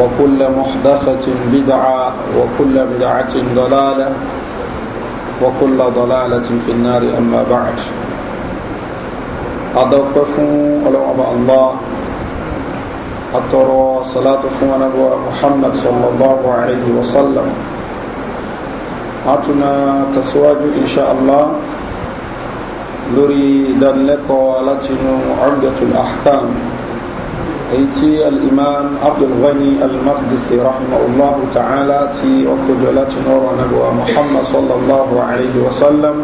وكل محدثة بدعة وكل بدعة ضلالة وكل ضلالة في النار أما بعد أدوكفون ألوم الله أترى صلاة فون محمد صلى الله عليه وسلم أتنا تسواج إن شاء الله لري دلقوا لتنو عبدة الأحكام èyí tí al-imam abdulghani al-maqdisi rahimahullahu ta'ala ti ọkọjọ láti nọrọ anabiwa muhammad sallallahu alayhi wa sallam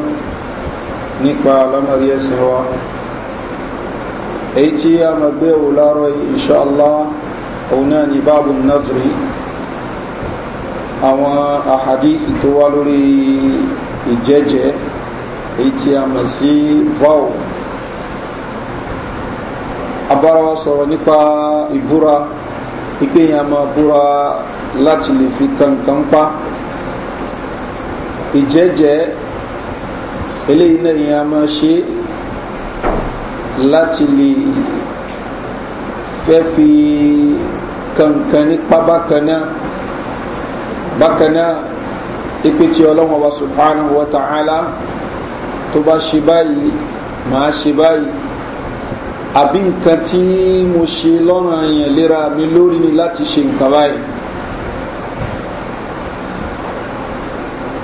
nípa lamari ẹsìn wa èyí tí a máa gbé wò láàárọ̀ inṣàlá òun náà ni báàbù nazari àwọn àhàdíìsì tó wá lórí ìjẹ́jẹ́ èyí tí a mọ̀ sí vow àbára wa sọ̀rọ̀ nípa ìbúra ìpé yẹn máa búra láti lè fi kankan pa ìjẹ́jẹ́ eléyìí náà yẹn máa ṣe láti lè fẹ́ fi kankan nípa bákan náà bákan náà ìpè tí ọlọ́wọ́n wa subhanahu wa ta'ala tó bá ṣe báyìí màá ṣe báyìí àbí nǹkan tí mo ṣe lọ́rùn àyàn léra mi lórí ni láti ṣe nǹkan báyìí.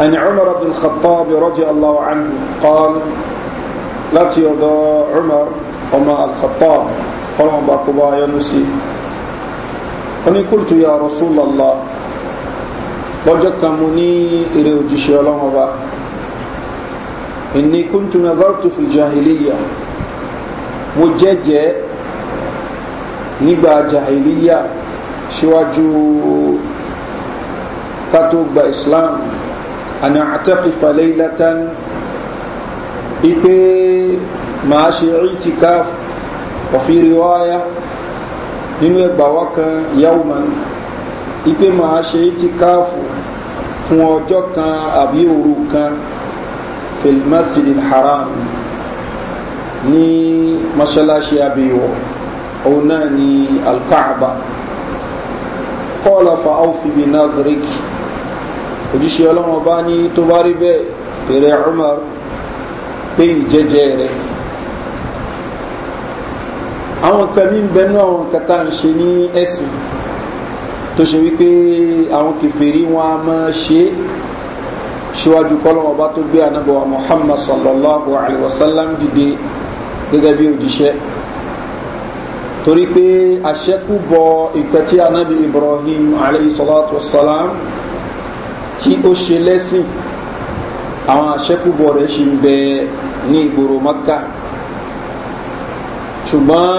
عن عمر بن الخطاب رضي الله عنه قال لا تيضى عمر وما الخطاب قال باكبا ينسي أني قلت يا رسول الله lọ́jọ́ kan mo ní eré òjíṣẹ́ ọlọ́mọba ìní kúntùnà zartu fìjahiliya mo jẹ́jẹ́ nígbà jahiliya síwájú kátó gba islam àná àtẹ́kìfà leilatan ipe màá ṣe itikaf ọ̀fi riwaya nínú ẹgbà wá kan yauman ipe màá ṣe itikaf fún ọjọ́ kan àbí òru kan fil haram ní mọ́ṣáláṣí abiyọ̀ òun náà ní alkaaba kọ́ọ̀lá fa áwùfìbí nazarik òjíṣẹ́ ọlọ́run bá ní tó bá rí bẹ́ẹ̀ pèrè umar pé ìjẹ́jẹ́ rẹ̀ àwọn kan ní bẹnu àwọn nǹkan tá à ń ṣe ní ẹ̀sìn tó ṣe wípé àwọn kẹfìrí wọn a máa ṣe é ṣíwájú kọ́lọ́wọ́ tó gbé anábọ̀wá muhammad sallallahu alayhi wa sallam dìde gẹ́gẹ́ bí òjíṣẹ́ torí pé àṣẹ́kù bọ nǹkan tí anábì ibrahim aleyhisalatu salam tí ó ṣe lẹ́sìn àwọn àṣẹ́kù bọ rẹ̀ ṣì ń bẹ ní ìgboro maka ṣùgbọ́n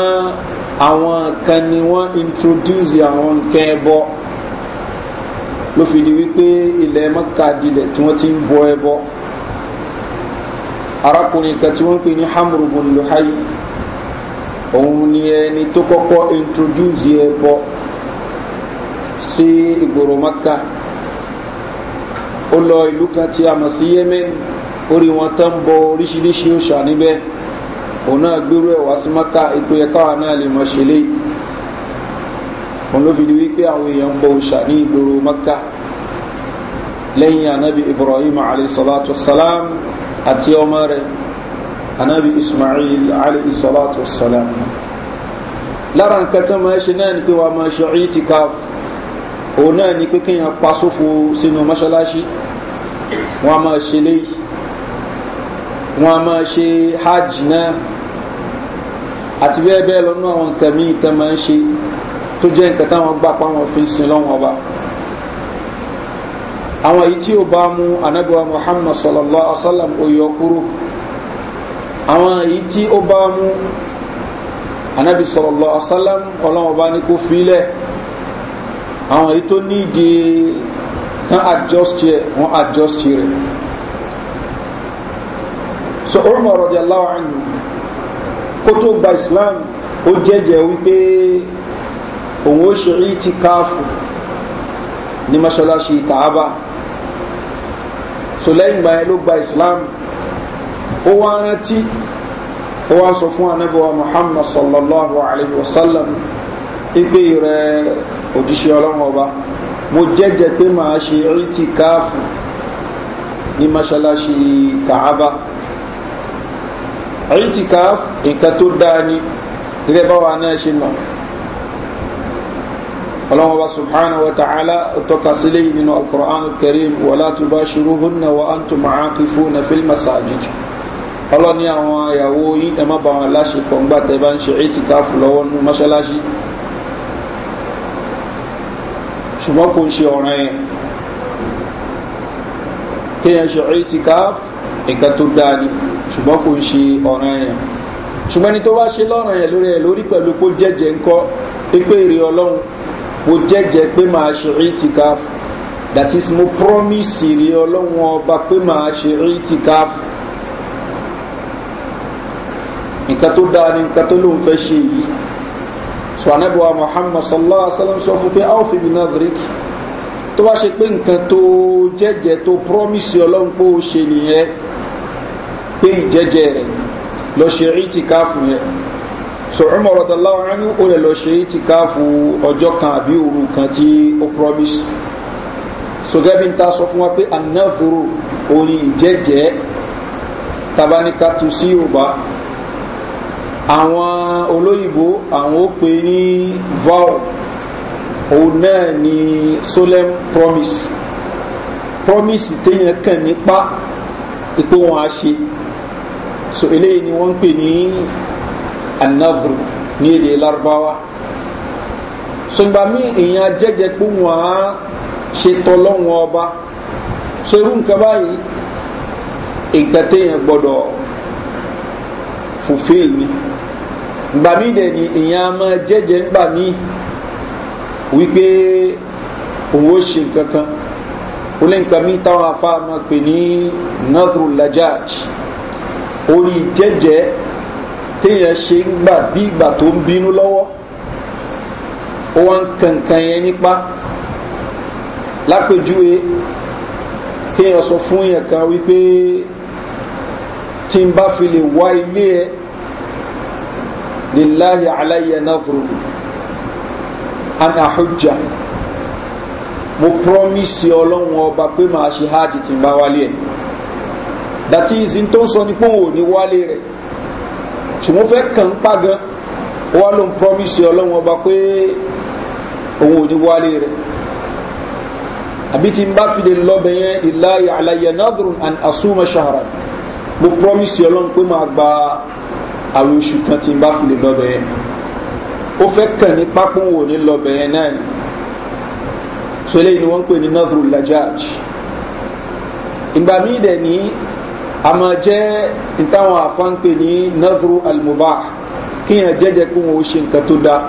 àwọn kan ni wọ́n introduce àwọn nǹkan ẹbọ ló fi di wípé ilẹ̀ maka dilẹ̀ tí wọ́n ti ń bọ ẹbọ. E arákùnrin kan tí wọ́n ń pè ní hamru bin luhayi òun ni ẹni tó kọ́kọ́ introduce ẹ bọ́ sí ìgboro maka ó lọ ìlú kan tí a mọ̀ sí yemen orí wọn tán ń bọ oríṣiríṣi òòṣà níbẹ̀ òun náà gbérú ẹ̀ wá sí maka ipò yẹ káwa náà lè mọ̀ ṣe lé òun ló fi di wípé àwọn èèyàn ń bọ òòṣà ní ìgboro maka lẹ́yìn anabi ibrahim alayhi salatu wa salam àti ọmọ rẹ̀ anabi ismail alayhi salatu wasalam lára nǹkan tó máa ṣe náà ni pé wàá máa ṣe itikaf òun náà ni pé kéèyàn pa sófo sínú mọ́ṣáláṣí wọ́n a máa ṣe léyìí wọ́n máa ṣe hajj náà àti bẹ́ẹ̀ bẹ́ẹ̀ lọ́nà àwọn nǹkan míì tán máa ń ṣe tó jẹ́ nǹkan táwọn gbà pa wọn fi sin lọ́wọ́ ọba àwọn èyí tí ó bá mú anabiwa muhammad sallallahu alaihi wa sallam ó yọ kúrò àwọn èyí tí ó bá mú anabi sallallahu alaihi wa sallam ọlọ́run bá ní kó filẹ̀ àwọn èyí tó ní ìdí kan adjust yẹ wọn adjust rẹ so umar radiyallahu anhu kó tó gba islam ó jẹ́jẹ́ wípé òun ó ṣe rí ti káàfù ní mọ́ṣáláṣí kàábà so lẹ́yìn ìgbà yẹn ló gba islam ó wá rántí ó wá sọ fún anábíwá muhammad sallallahu alayhi wa sallam ipe rẹ òjíṣẹ́ ọlọ́run ọba mo jẹ́jẹ́ pé màá ṣe rìtì káàfù ní mọ́ṣáláṣí kàába rìtì káàfù nǹkan tó dáa ni gẹ́gẹ́ báwa náà ṣe mọ̀ ọlọ́wọ́n bá subhanahu wa ta'ala tọ́ka sílé nínú alkur'an kareem wàlá tó bá ṣirú hunna wa an tó máa kí fún na fil masajid ọlọ́ni àwọn ìyàwó yìí ẹ má ba wọn láṣepọ̀ ńgbà tẹ́ bá ń ṣe ètìkáfù lọ́wọ́ nínú mọ́ṣáláṣí ṣùgbọ́n kò ń ṣe ọ̀ràn yẹn kéèyàn ṣe itikaf nǹkan tó dáa ni ṣùgbọ́n kò ń ṣe ọ̀ràn yẹn ṣùgbọ́n ẹni tó bá ṣe lọ́ràn yẹn lórí ẹ̀ lórí pẹ̀lú kó jẹ́jẹ́ ńkọ́ pípé èrè ọlọ́run mo jẹ́jẹ́ pé màá ṣe itikaf that is mo promise rí ọlọ́run ọba pé màá ṣe itikaf nǹkan tó dáa ni nǹkan tó lóun fẹ́ ṣe yìí sọ anábíwá muhammad sallallahu alaihi wa sallam sọ fún pé a ó fi bìnnà drik tó bá ṣe pé nǹkan tó jẹ́jẹ́ tó promise ọlọ́run pé ó ṣe nìyẹn pé ìjẹ́jẹ́ rẹ̀ lọ ṣe itikaf yẹn so umar radallahu anhu ó lè lọ ṣe é ti ká kan àbí òru kan tí ó promise so gẹ́bí ń ta sọ fún wa pé anáforo orin ìjẹ́jẹ́ tabanikatu sí yorùbá àwọn olóyìnbó àwọn ó pè ní vow òun náà ni solemn promise promise téèyàn kàn nípa ipò wọn á ṣe so eléyìí ni wọ́n ń pè ní anadru ní èdè larubawa sọgbà mí èèyàn jẹjẹ pé wọn ṣe tọlọ́wọ́n ọba so irú nǹkan báyìí nǹkan téèyàn gbọ́dọ̀ ni gbà mí dẹ̀ ni èèyàn á máa jẹjẹ gbà mí wípé òun ó ṣe nǹkan kan ó lé nǹkan mí táwọn afá máa pè ní nadru lajaj orí jẹjẹ téèyàn ṣe ń gbà bí ìgbà tó ń bínú lọ́wọ́ ó wá ń kankan yẹn nípa lápèjúwe kéèyàn sọ fún èèyàn kan wípé tí n bá fi lè wá ilé ẹ lillahi alayya nafuru an ahujja mo promise ọlọ́run ọba pé màá ṣe hajj tí n bá wálé ẹ that is n tó ń sọ ni pé òun ò ní wálé rẹ̀ ṣùgbọ́n fẹ́ kàn ń pa gan wọ́n ló ń promise ọlọ́run ọba pé òun ò ní wálé rẹ̀ àbí tí n bá fi lọ́bẹ̀ yẹn ìláyà àlàyé nadrun and asuma shahara mo promise ọlọ́run pé máa gba àwọn oṣù kan tí n bá fi lè lọ́bẹ̀ yẹn ó fẹ́ kàn ní pápó òun ò ní lọ́bẹ̀ yẹn náà ni so eléyìí ni wọ́n ń pè ní nadrun lajaj ìgbà míì dẹ̀ ní àmọ́ jẹ́ ìtawọn àfáǹpè ní nazru almubah kíyàn jẹ́jẹ́ kí wọ́n ó ṣe nǹkan tó dáa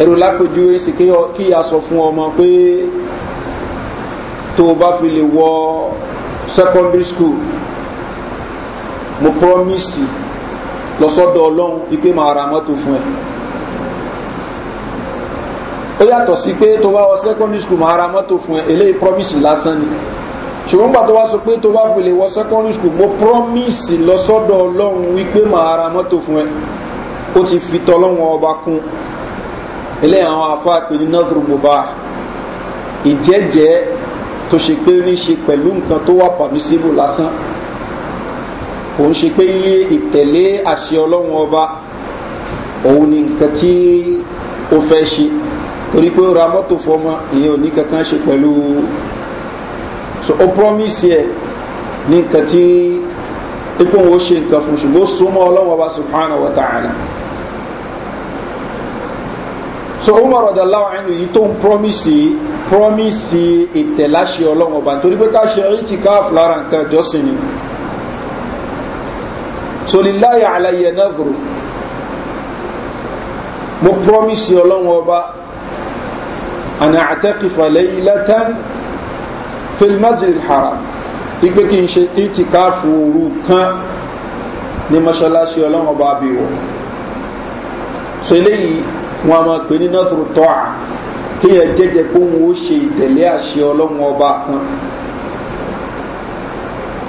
ẹ̀rù lápèjúwe sì kíyà sọ fún ọmọ pé tó o bá fi lè wọ secondary school mo promise lọ́sọ́dọ̀ ọlọ́run ipé máa ra mọ́tò fún ẹ ó yàtọ̀ sí pé tó bá wọ secondary school máa ra mọ́tò fún ẹ eléyìí promise lásán ni ṣùgbọ́n gbà tó wá sọ pé tó bá fi lè wọ secondary school mo promise lọ sọ́dọ̀ ọlọ́run wípé màá ra mọ́tò fún ẹ ó ti fi tọ́lọ́wọ́n ọba kún ilé àwọn afáà pé ní northern mobile ìjẹ́jẹ́ tó ṣe pé ní ṣe pẹ̀lú nǹkan tó wà permissible lásán òun ṣe pé yí ìtẹ̀lé àṣẹ ọlọ́run ọba òun ni nǹkan tí ó fẹ́ ṣe torí pé ó ra mọ́tò fọmọ ìyẹn ò ní kankan ṣe pẹ̀lú so ó promise yẹ ní nǹkan tí ipò wo ṣe nǹkan fún ṣùgbọ́n ó súnmọ́ ọlọ́wọ́ ọba subhanahu wa ta'ala so umar ọ̀dàláwọ̀ ẹnu yìí tó ń promise yìí promise ìtẹ̀láṣẹ ọlọ́wọ́ ọba nítorí pé ká ṣe ẹ̀yìntì káàfù lára nǹkan jọ́sìn ni so lillahi alayya nadhru mo promise ọlọ́wọ́ ọba ana àtẹ́kìfà lẹ́yìn látàn filmazil haram ipe kí n ṣe itikafu ooru kan ní mọ́ṣáláṣí ọlọ́run ọba abirọ̀ so eléyìí wọn a máa pè ní north rotor kéèyàn jẹjẹ pé òun ó ṣe ìtẹ̀lé àṣẹ ọlọ́run ọba kan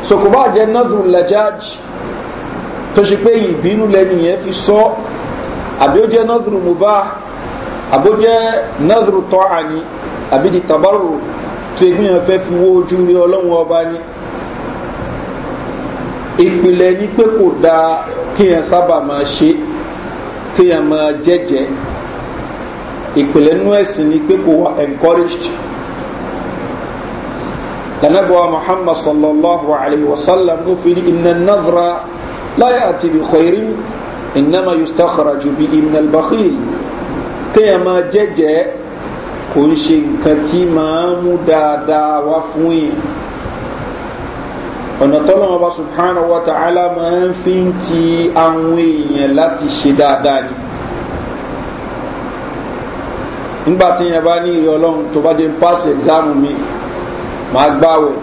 sokoba jẹ north lajaj tó ṣe pé ìbínú lẹ́nìyẹn fi sọ àbí ó jẹ́ north mubah àbí ó jẹ́ north rotor ni àbí ti tabarro tó egbín yẹn fẹ́ fi wó ojú rí ọlọ́run ọba ni ìpìlẹ̀ ní pé kò dáa kéèyàn sábà máa ṣe kéèyàn máa jẹ́jẹ́ ìpìlẹ̀ nínú ẹ̀sìn ni pé kò wá encouraged lanabuwa muhammad sallallahu alayhi wa sallam ó fi ní iná nazara láyé àti ibi khairin iná ma yustakhara ju bí iná al kéèyàn máa jẹ́jẹ́ kò ń ṣe nǹkan tí máa ń mú dáadáa wá fún yẹn ọ̀nà tọ́lọ́wọ́n bá subhanahu wa ta'ala máa ń fi ń ti àwọn èèyàn láti ṣe dáadáa ni nígbà tí yẹn bá ní ìrẹ ọlọ́run tó bá jẹ́ ń pass exam mi màá gbáwẹ̀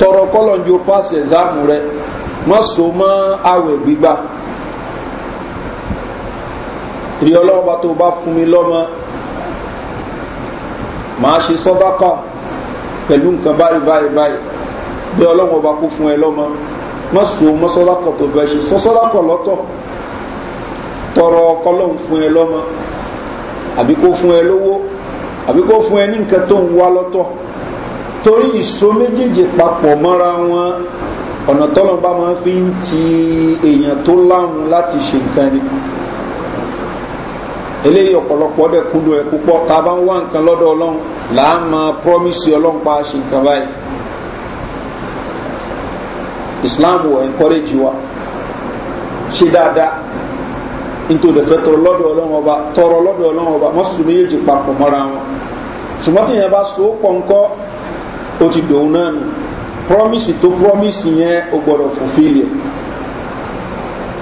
tọrọ kọ́lọ̀ ń jo pass exam rẹ mọ́ so mọ́ àwẹ̀ gbígbà rí ọlọ́run bá tó bá fún mi lọ́mọ màá ṣe sọ́dákà pẹ̀lú nǹkan báyìí báyìí báyìí bí ọlọ́run ọba kó fún ẹ lọ́mọ má so mọ́ sọ́dákà tó fẹ́ ṣe sọ sọ́dákà lọ́tọ̀ tọrọ ọkọlọ́run fún ẹ lọ́mọ àbí kó fún ẹ lówó àbí kó fún ẹ ní nǹkan tó ń wá lọ́tọ̀ torí ìso méjèèjì papọ̀ mọ́ra wọn ọ̀nà tọ́lọ́ máa fi ń ti èèyàn tó láwọn láti ṣe nǹkan ni eléyìí ọ̀pọ̀lọpọ̀ dẹ̀ kúndò ẹ̀ púpọ̀ tá a bá ń wá nǹkan lọ́dọ̀ ọlọ́run là á máa promise ọlọ́run pa ṣe nǹkan báyìí islam wọ̀ encourage wa ṣe dáadáa nítorí fẹ́ tọrọ lọ́dọ̀ ọlọ́run ọba tọrọ lọ́dọ̀ ọlọ́run ọba wọ́n sùn méjèèjì papọ̀ mọ́ra wọn ṣùgbọ́n tí yẹn bá so pọ̀ ńkọ́ ó ti dòun náà nù promise tó promise yẹn o gbọ́dọ̀ fulfill yẹ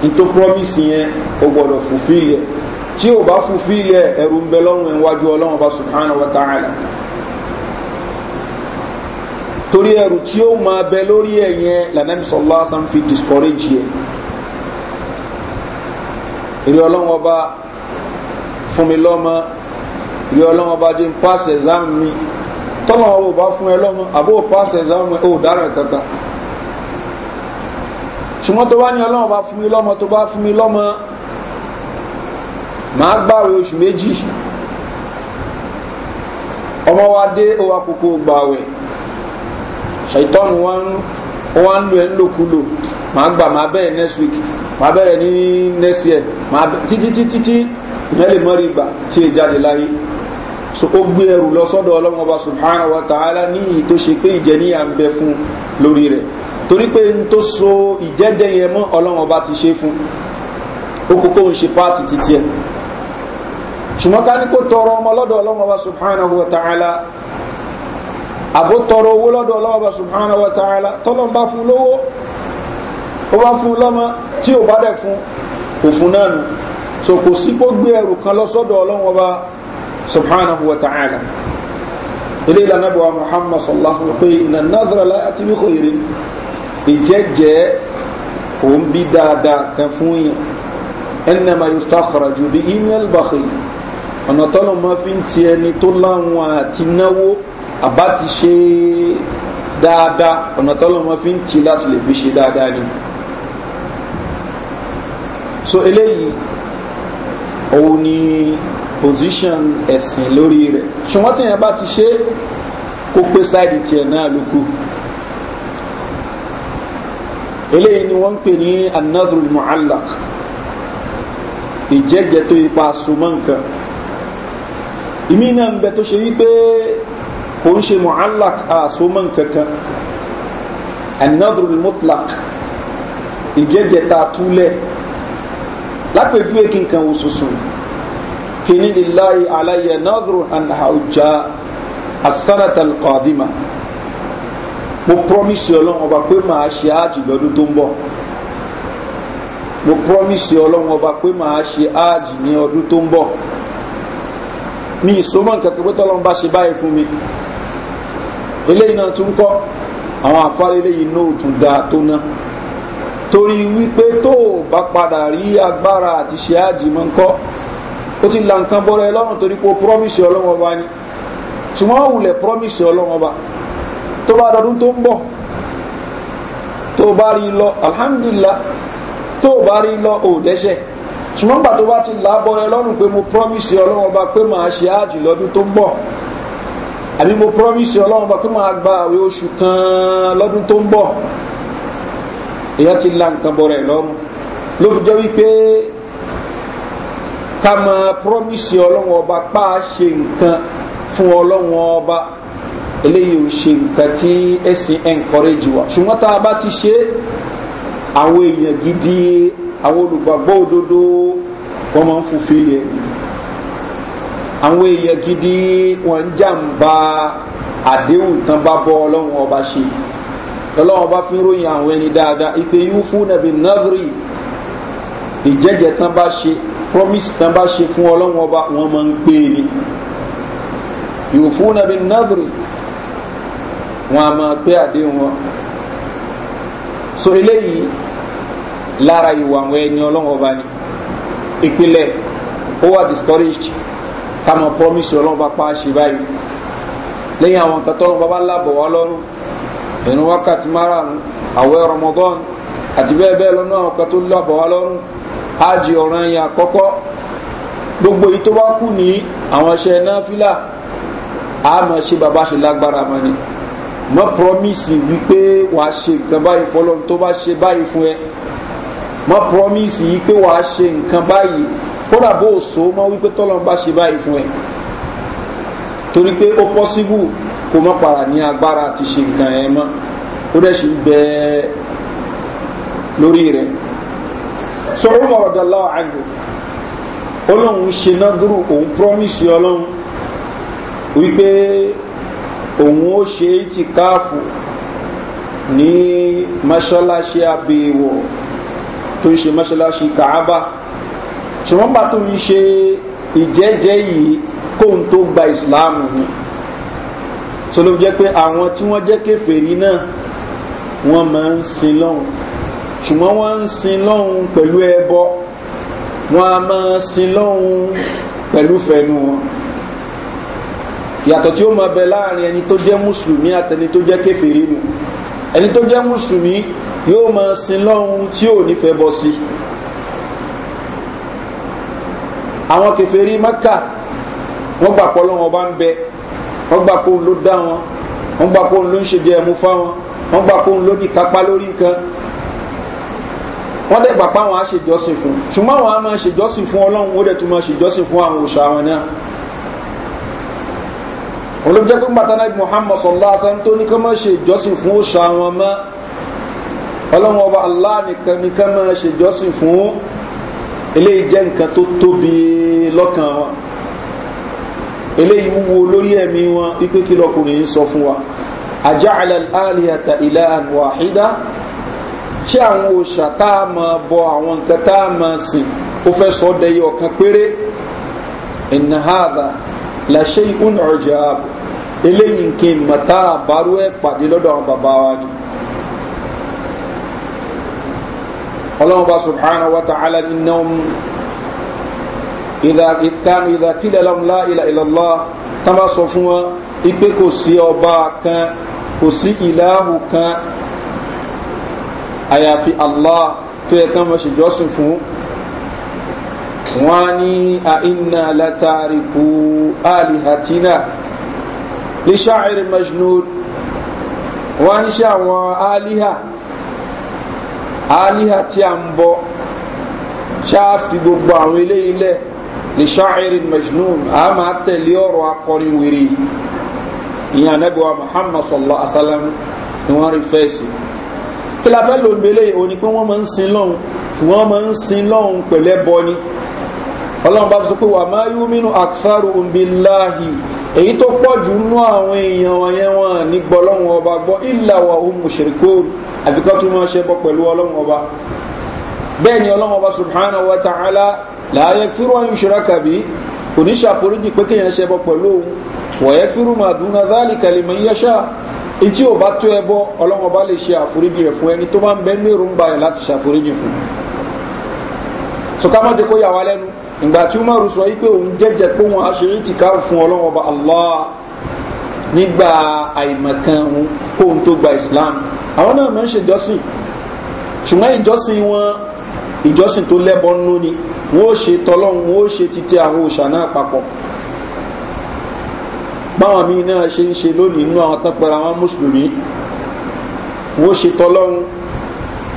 nítorí promise yẹn o gbọ́dọ̀ fulfill yẹ tí ò bá fún fílẹ̀ ẹ̀rù ń bẹ lọ́rùn ẹ̀wájú ọlọ́run ọba subhanahu wa ta'ala torí ẹ̀rù tí ó máa bẹ lórí ẹ̀yẹn lànàbí sọlá fi discourage yẹ ìrì ọlọ́run ọba fún mi lọ́mọ ìrì ọlọ́run ọba dín pass exam mi tọ́lọ̀ ò bá fún ẹ lọ́mọ àbó pass exam ò dára kankan ṣùgbọ́n tó bá ní ọlọ́run ọba fún mi lọ́mọ tó bá fún mi lọ́mọ màá gbàwé oṣù méjì ọmọ wa dé ó wa kókó gbàwé ṣàìtọ́nù wọn wọn ń ẹ̀ ń lòkulò màá gbà màá bẹ̀rẹ̀ next week màá bẹ̀rẹ̀ ní next year màá títí títí tí ìyẹn lè mọ́rí ìgbà tí è jáde láyé so ó gbé ẹrù lọ sọ́dọ̀ ọlọ́run ọba subhanahu wa ta'ala ní ìyí tó ṣe pé ìjẹniyà ń bẹ fún lórí rẹ̀ torí pé n tó so ìjẹ́jẹ́ yẹn mọ́ ọlọ́run ọba ti ṣe fún ó kókó ń ṣe páàtì títí ẹ̀ ṣùgbọ́n ká ní kó tọrọ ọmọ lọ́dọ̀ ọlọ́wọ́ bá subhanahu wa ta'ala àbó tọrọ owó lọ́dọ̀ ọlọ́wọ́ bá subhanahu wa ta'ala tọ́lọ́n bá fún lówó ó bá fún lọ́mọ tí ò bá dẹ̀ fún òfun náà nù so kò sí kó gbé ẹrù kan lọ sọ́dọ̀ ọlọ́wọ́ bá subhanahu wa ta'ala ilé ìlànà bí muhammad sallallahu alaihi wa sallam na nazara la àti bí kòyèrè ìjẹ́jẹ́ òun bí dáadáa kan fún yẹn ẹnna ma yóò sọ àkàrà ju bí ọ̀nà tọ́lọ̀ máa fi ń ti ẹni tó láwọn àti náwó àbá ti ṣe dáadáa ọ̀nà tọ́lọ̀ máa fi ń ti láti lè fi ṣe dáadáa ni so eléyìí òun ni position ẹ̀sìn lórí rẹ̀ ṣùgbọ́n tí yẹn bá ti ṣe kó pé sáìdì tiẹ̀ náà ló kù eléyìí ni wọ́n ń pè ní another muallak ìjẹ́jẹ́ tó ipa sùnmọ́ nǹkan ìmí náà ń bẹ tó ṣe wípé kò ń ṣe mu'allak àsomọ́ nkankan anadrul mutlak ìjẹ́jẹta túlẹ̀ lápẹ̀jú èkì nǹkan wò sùsùn kìíní ìláyé aláyẹ nadrul anahauja asanatal qadima mo promise ọlọ́run ọba pé màá ṣe áàjì lọ́dún tó ń bọ̀ mo promise ọlọ́run ọba pé màá ṣe áàjì ní ọdún tó ń bọ̀ mi ìsomọ́ nǹkan pé tọ́lọ́ ń bá ṣe báyìí fún mi eléyìí náà tún kọ́ àwọn àfárí eléyìí náà tún da tó ná torí wípé tó o bá padà rí agbára àti ṣe àjìmọ́ ń ó ti la nǹkan bọ́ra ẹ lọ́rùn torí pé o promise ọlọ́wọ́n ọba ni ṣùgbọ́n ó wulẹ̀ promise ọlọ́wọ́n ọba tó bá dọdún tó ń bọ̀ tó bá rí lọ alhamdulilah tó bá rí lọ ò dẹ́sẹ̀ ṣùgbọ́n gbà tó bá ti lábọ́ ẹ lọ́rùn pé mo promise ọlọ́run ọba pé màá ṣe áàjì lọ́dún tó ń bọ̀ àbí mo promise ọlọ́run ọba pé màá gba àwẹ̀ oṣù kan lọ́dún tó ń bọ̀ èèyàn ti la nǹkan bọ̀rẹ̀ lọ́rùn ló fi jẹ́ wípé ká máa promise ọlọ́run ọba pa á ṣe nǹkan fún ọlọ́run ọba eléyìí ò ṣe nǹkan tí ẹ̀sìn encourage wa ṣùgbọ́n tá a bá ti ṣe àwọn èèyàn gidi àwọn olùgbàgbọ́ òdodo wọ́n máa ń fulfill yẹ àwọn èèyàn gidi wọ́n ń jàǹbá àdéhùn tán bá bọ́ ọlọ́run ọba ṣe lọ́lọ́run ọba fi ń ròyìn àwọn ẹni dáadáa ìpè yín fún nàbì nàdírì ìjẹ́jẹ́ tán bá ṣe promise tán bá ṣe fún ọlọ́run ọba wọ́n máa ń pè é e ni yóò fún nàbì nàdírì wọ́n á máa pé àdéhùn wọn so eléyìí lára ìwà àwọn ẹni ọlọ́wọ́n ọba ni ìpìlẹ̀ ó wà discouraged ká mọ̀ promise ọlọ́wọ́n bá pa á ṣe báyìí lẹ́yìn àwọn nǹkan tọ́lọ́wọ́n bá bá lábọ̀ wá lọ́rùn ẹ̀nu wákàtí márààrún àwẹ̀ rọmọgán àti bẹ́ẹ̀ bẹ́ẹ̀ lọ́nà àwọn nǹkan tó lábọ̀ wá lọ́rùn ájì ọ̀ràn ẹ̀yìn àkọ́kọ́ gbogbo èyí tó bá kù ní àwọn iṣẹ́ náfìlà a mọ̀ ṣe bàbá ṣe lágbára mọ́ ni mọ́ promise wípé wàá ṣe nǹkan báyìí fọlọ́run tó bá ṣe báyìí fún ẹ mọ́ promise yìí pé wàá ṣe nǹkan báyìí kódà bó o so mọ́ wípé tọ́lọ́n bá ṣe báyìí fún ẹ torí pé ó pọ́síbù kó mọ́ para ní agbára àti ṣe nǹkan ẹ mọ́ ó dẹ̀ ṣe ń bẹ lórí rẹ̀ sọ̀rọ̀ mọ̀rọ̀ dàlá àgbò ọlọ́run ṣe nádúró òun promise ọlọ́run wípé òun ó ṣe é ti káàfù ní mọ́ṣáláṣí abẹ́wọ̀ tó ń ṣe mọ́ṣáláṣí kàábà ṣùgbọ́n bá tó ń ṣe ìjẹ́jẹ́ yìí kóun tó gba ìsìláàmù ni sọlọ jẹ́ pé àwọn tí wọ́n jẹ́ kèfèrí náà wọ́n máa ń sin lọ́hùn ṣùgbọ́n wọ́n ń sin lọ́hùn pẹ̀lú ẹbọ wọ́n á máa sin lọ́hùn pẹ̀lú fẹnu wọn yàtọ̀ tí ó máa bẹ láàrin ẹni tó jẹ́ mùsùlùmí àtẹni tó jẹ́ kèfèrí nu ẹni tó jẹ́ mùsùlùmí yóò máa sin lọ́hun tí ò ní fẹ́ bọ́ sí àwọn kẹfẹ́rí maka wọ́n gbà pọ́ lọ́wọ́ bá ń bẹ wọ́n gbà pọ́ ló dá wọn wọ́n gbà pọ́ ló ń ṣe jẹ́ ẹ̀mú fáwọn wọ́n gbà pọ́ ló ní kápá lórí nǹkan wọ́n dẹ̀ gbà páwọn á ṣèjọ́sìn fún ṣùgbọ́n àwọn á máa fún ọlọ́run ó dẹ̀ tún máa ṣèjọ́sìn fún àwọn òòṣà wọn náà olùjẹ́pẹ́ gbàtánà muhammad sọ̀lá asán tó ní kọ́ máa ṣèjọ́sìn fún òòṣà wọn máa ọlọ́wọ́n ọba allah nìkan ni ká máa ṣèjọ́sìn fún eléyìí jẹ́ nǹkan tó tóbi lọ́kàn wọn eléyìí wúwo lórí ẹ̀mí wọn wípé kí lọkùnrin yìí sọ fún wa ajá alàlàlìyàtà ilẹ̀ àwọn àhídá ṣé àwọn òòṣà tá a máa bọ àwọn nǹkan tá a máa sìn ó fẹ́ sọ dẹyẹ ọ̀kan péré ìnáhàdà làṣẹ ìkùnà ọjà eléyìí nǹkan ìmọ̀tá àbárú ẹ̀ pàdé lọ́dọ̀ àwọn bàbá wa ni. ọlọ́run bá subhanahu wa ta'ala ni náà ìdákanu ìdákílẹ̀ lọ́mùlá ilà ìlọ́lá tán bá sọ fún wọn ipe kò sí ọba kan kò sí ìlàhù kan àyàfi allah tó yẹ kán mọ̀ ṣèjọ́sìn fún wọn ní àìnà látàríkù alihatina lè ṣáà irin majnun wọn ní ṣe àwọn alihatina aliha tí a ń bọ ṣáàfi gbogbo àwọn eléyìí lẹ lè ṣáàrin majnun a máa tẹ̀lé ọ̀rọ̀ akọrin wèrè ìyẹn anabiwa muhammad sallallahu alaihi wa sallam ni wọ́n rí fẹ́ẹ̀sì kí la fẹ́ lòun belé o ní pé wọ́n máa ń sin lọ́hùn wọ́n máa ń sin lọ́hùn pẹ̀lẹ́ bọ ọlọ́run bá fi sọ pé wà máa yú mínú àkfàrù òǹbí láàhì èyí tó pọ̀ jù nú àwọn èèyàn wọ̀nyẹn wọn ní gbọ́ ọlọ́run ọba gbọ́ ìlà wà ó mùṣèríkó àfikọ́ tó máa ṣe bọ́ pẹ̀lú ọlọ́run ọba bẹ́ẹ̀ ni ọlọ́run ọba subhana wa ta'ala láàyè fírò ayé òṣèré kàbí kò ní ṣàforíjì pé kéèyàn ṣe bọ́ pẹ̀lú òun wọ̀nyẹn fírò máa dùn náà dáàlì iye ṣáà etí ò bá tó ẹ bọ́ ọlọ́run ọba lè ṣe àforíjì ìgbà tí umaru sọ wípé òun jẹ́jẹ́ pé wọn aṣèré ti ká fún ọlọ́wọ́ bá allah nígbà àìmọ̀kan òun kó òun tó gba islam àwọn náà máa ń ṣèjọ́sìn ṣùgbọ́n ìjọ́sìn wọn ìjọ́sìn tó lẹ́bọn nú ni wọ́n ó ṣe tọ́lọ́hún wọ́n ó ṣe títí àwọn òòṣà náà papọ̀ báwọn míì náà ṣe ń ṣe lónìí nínú àwọn tán pẹ̀lú àwọn mùsùlùmí wọ́n ṣe tọ́lọ́run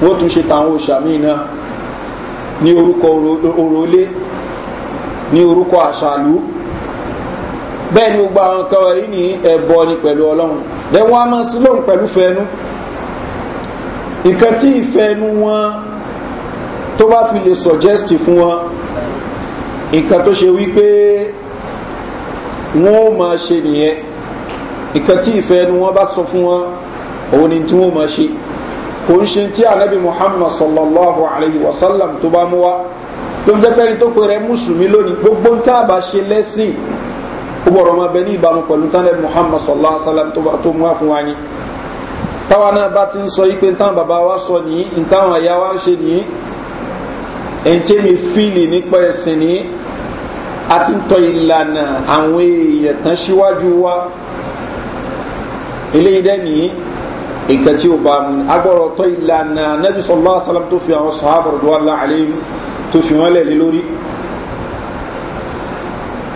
wọ́n tún ṣe tàwọn òṣàmì náà ní orúkọ orólé ní orúkọ àṣàlú bẹ́ẹ̀ ni gbogbo àwọn kan wọ̀nyí ní ẹ̀bọ ni pẹ̀lú ọlọ́run bẹ́ẹ̀ wọ́n á máa sí lóhùn pẹ̀lú fẹ́nu nǹkan tí ìfẹ́nu wọn tó bá fi lè suggest fún wọn nǹkan tó ṣe wípé wọ́n ó máa ṣe nìyẹn nǹkan tí ìfẹ́nu wọn bá sọ fún wọn òun ni tí wọ́n máa ṣe kò ń ṣe tí ànábì muhammad sallallahu alayhi wa sallam tó bá mú wa ló ń jẹ́ pẹ́ni tó pe rẹ mùsùlùmí lónìí gbogbo ń tá a bá ṣe lẹ́sìn ó bọ̀rọ̀ ọmọ bẹ ní ìbámu pẹ̀lú tánlẹ̀ muhammad sallallahu alaihi wa sallam tó mú àfún wa ni táwa náà bá ti ń sọ yìí pé táwọn bàbá wa sọ nìyí táwọn àyà wa ń ṣe nìyí ẹ̀ńtẹ́mi fíìlì nípa ẹ̀sìn nìyí a ti ń tọ ìlànà àwọn èèyàn tán síwájú wa eléyìí dẹ́ nìyí nǹkan tí ó bá mu agbọ́rọ̀ tọ ìlànà anabi sallallahu alaihi tó fi àwọn sọ̀hábà tó fi wọ́n lẹ̀lé lórí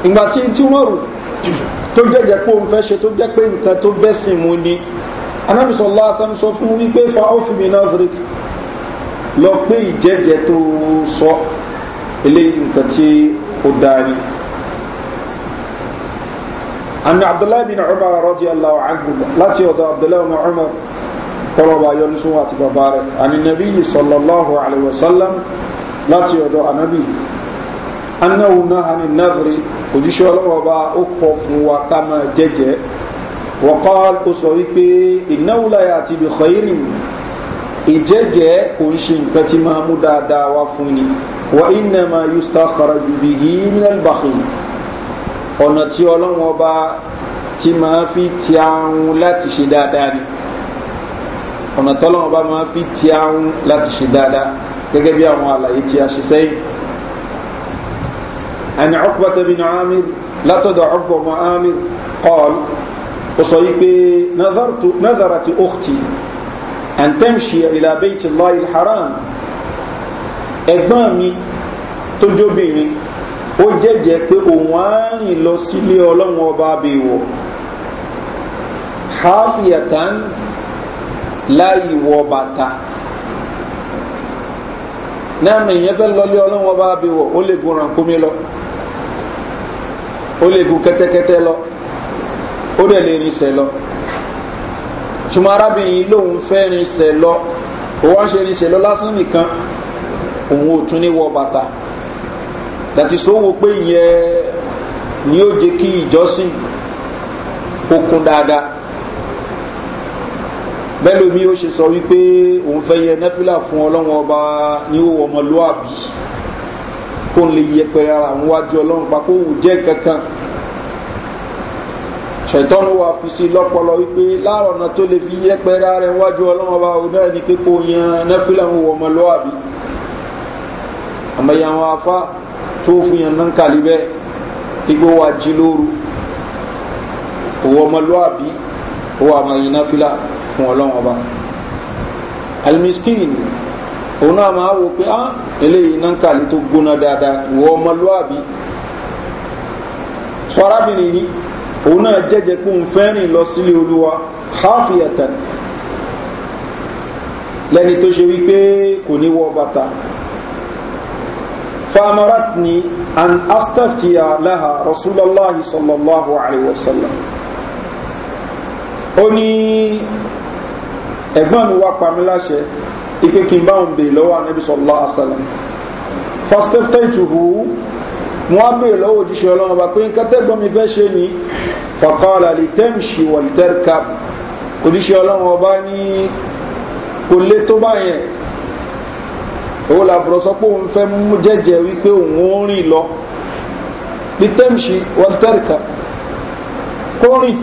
ìgbà tí tí wọ́n rù tó jẹ́jẹ́ pé òun fẹ́ ṣe tó jẹ́ pé nǹkan tó bẹ́sìn mu ni anábìsọ̀ lásán sọ fún wípé fa ọ́fìmì nazaric lọ pé ìjẹ́jẹ́ tó sọ eléyìí nǹkan tí ó dáa ni àmì abdullahi bin umar rọ́jì aláwọ̀ àgbègbè láti ọ̀dọ̀ abdullahi bin umar kọ́lọ́ba yọlùsùn àti bàbá rẹ̀ àní nàbí sallallahu alayhi láti ọ̀dọ̀ ànábì anáwó náà hàn ní nàzírí òjíṣẹ́ ọlọ́wọ́ba ó pọ̀ fún wa ká máa jẹ́jẹ́ wọ́kọ́ ó sọ wípé ìnáwó láyà àti ibi xeyírìn ìjẹ́jẹ́ kò ń ṣe nǹkan tí máa mú dáadáa wá fún ni wà ìnàmà yusta kharaju bihi minal bakhin ọ̀nà tí ọlọ́wọ́ba tí máa fi ti ahun láti ṣe dáadáa ni ọ̀nà tọ́lọ́wọ́ba máa fi ti ahun láti ṣe dáadáa gẹ́gẹ́ bí àwọn àlàyé tí a ṣe sẹ́yìn àni ọkùnbàtà bí nàámìr látọ̀dọ̀ ọgbọ̀mọ̀ àmìr kọ́ọ̀l ó sọ yí pé nazara ti òkùtì and tẹ́mṣì ìlàbẹ́ ti lọ ìlharam ẹ̀gbọ́n mi tó jóbìnrin ó jẹ́jẹ́ pé òun á rìn lọ sílé ọlọ́run ọba abẹ́wọ̀ hafiatan láì wọ bàtà náà mi yẹn fẹ́ lọlé ọlọ́wọ́n bá bí wọ̀ ó lè gun rànkúmi lọ ó lè gun kẹ́tẹ́kẹ́tẹ́ lọ ó dẹ̀ lè rinsẹ̀ lọ ṣùgbọ́n arábìnrin yìí lòun fẹ́ rinsẹ̀ lọ òun ṣe rinsẹ̀ lọ lásán nìkan òun ò tún ní wọ bàtà dàtí sówó pé ìyẹn ni ó jẹ́ kí ìjọsìn kó kún dáadáa bẹ́lómi ó ṣe sọ wípé òun fẹ́ yẹ nẹ́fílà fún ọlọ́run ọba ní ó ọmọlúàbí kó n lè yẹpẹrẹ ara àwọn wájú ọlọ́run pa kó wù jẹ́ kankan ṣètọ́nù wa fi sí lọ́pọlọ wípé láàrọ̀ ọ̀nà tó lè fi yẹpẹrẹ ara ẹ̀ wájú ọlọ́run ọba òun náà ni pé kó yan nẹ́fílà ń wọ ọmọlúàbí àmọ́yà àwọn afá tó fún yan náà kàlí bẹ́ẹ̀ igbó wa jí lóru òwò ọmọlúàbí òwò àmọ̀yìn náfílà fún ọlọ́run ọba alimiskin òun náà máa wò pé ah eléyìí náà ń kàlí tó gbóná dáadáa ìwọ ọmọlúàbí sọ arábìnrin yìí òun náà jẹ́jẹ́ pé òun fẹ́ rìn lọ sílé olúwa háfìyàtà lẹ́ni tó ṣe wípé kò ní wọ bàtà famaratni an astaftiya laha rasulallah sallallahu alaihi wasallam ó ní ẹ̀gbọ́n mi wá pa mí láṣẹ ipe kí n bá òun bèèrè lọ́wọ́ anabi sọlá asálàm fastefta ìtùhù wọn á bèèrè lọ́wọ́ òjíṣẹ́ ọlọ́run ọba pé nǹkan tẹ́gbọ́n mi fẹ́ ṣe ni fàkọ́ọ̀lá lè tẹ́mṣì wọ̀lítẹ́ríkà òjíṣẹ́ ọlọ́run ọba ní kò lé tó báyẹn òun làbùrọ̀ sọ pé òun fẹ́ mú jẹ́jẹ́ wípé òun rìn lọ lè tẹ́mṣì wọ̀lítẹ́ríkà kó rìn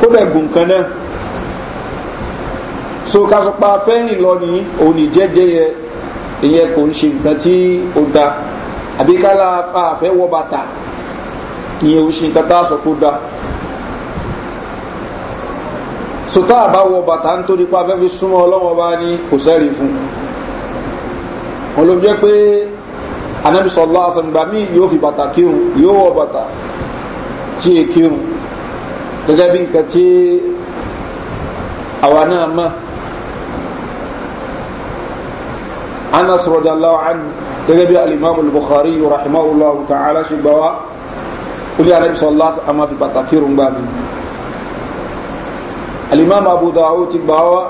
kó dẹ̀ gùn kan náà so ká sọ pé a fẹ́ rìn lọ ní òní jẹ́jẹ́ yẹ ìyẹn kò ń ṣe nǹkan tí ó da àbí ká la fa àfẹ́ wọ bàtà ìyẹn ò ṣe nǹkan tá a sọ pé ó da so tá a bá wọ bàtà nítorí pé a fẹ́ súnmọ́ ọlọ́wọ́ bá ní kò sẹ́rì fún un olóhùn jẹ́ pé anabi sọlá míì yóò fi bàtà kírun yóò wọ bàtà tí è kírun gẹ́gẹ́ bí nǹkan tí àwa náà mọ̀ anas rọjàláwà ánì gẹ́gẹ́ bí alimami bukhari rahimahulah ta'ala ṣe gbà wá olú anabi sọlá a máa fi pàtàkì rúngbà mi alimami abu dawud ti gbà wá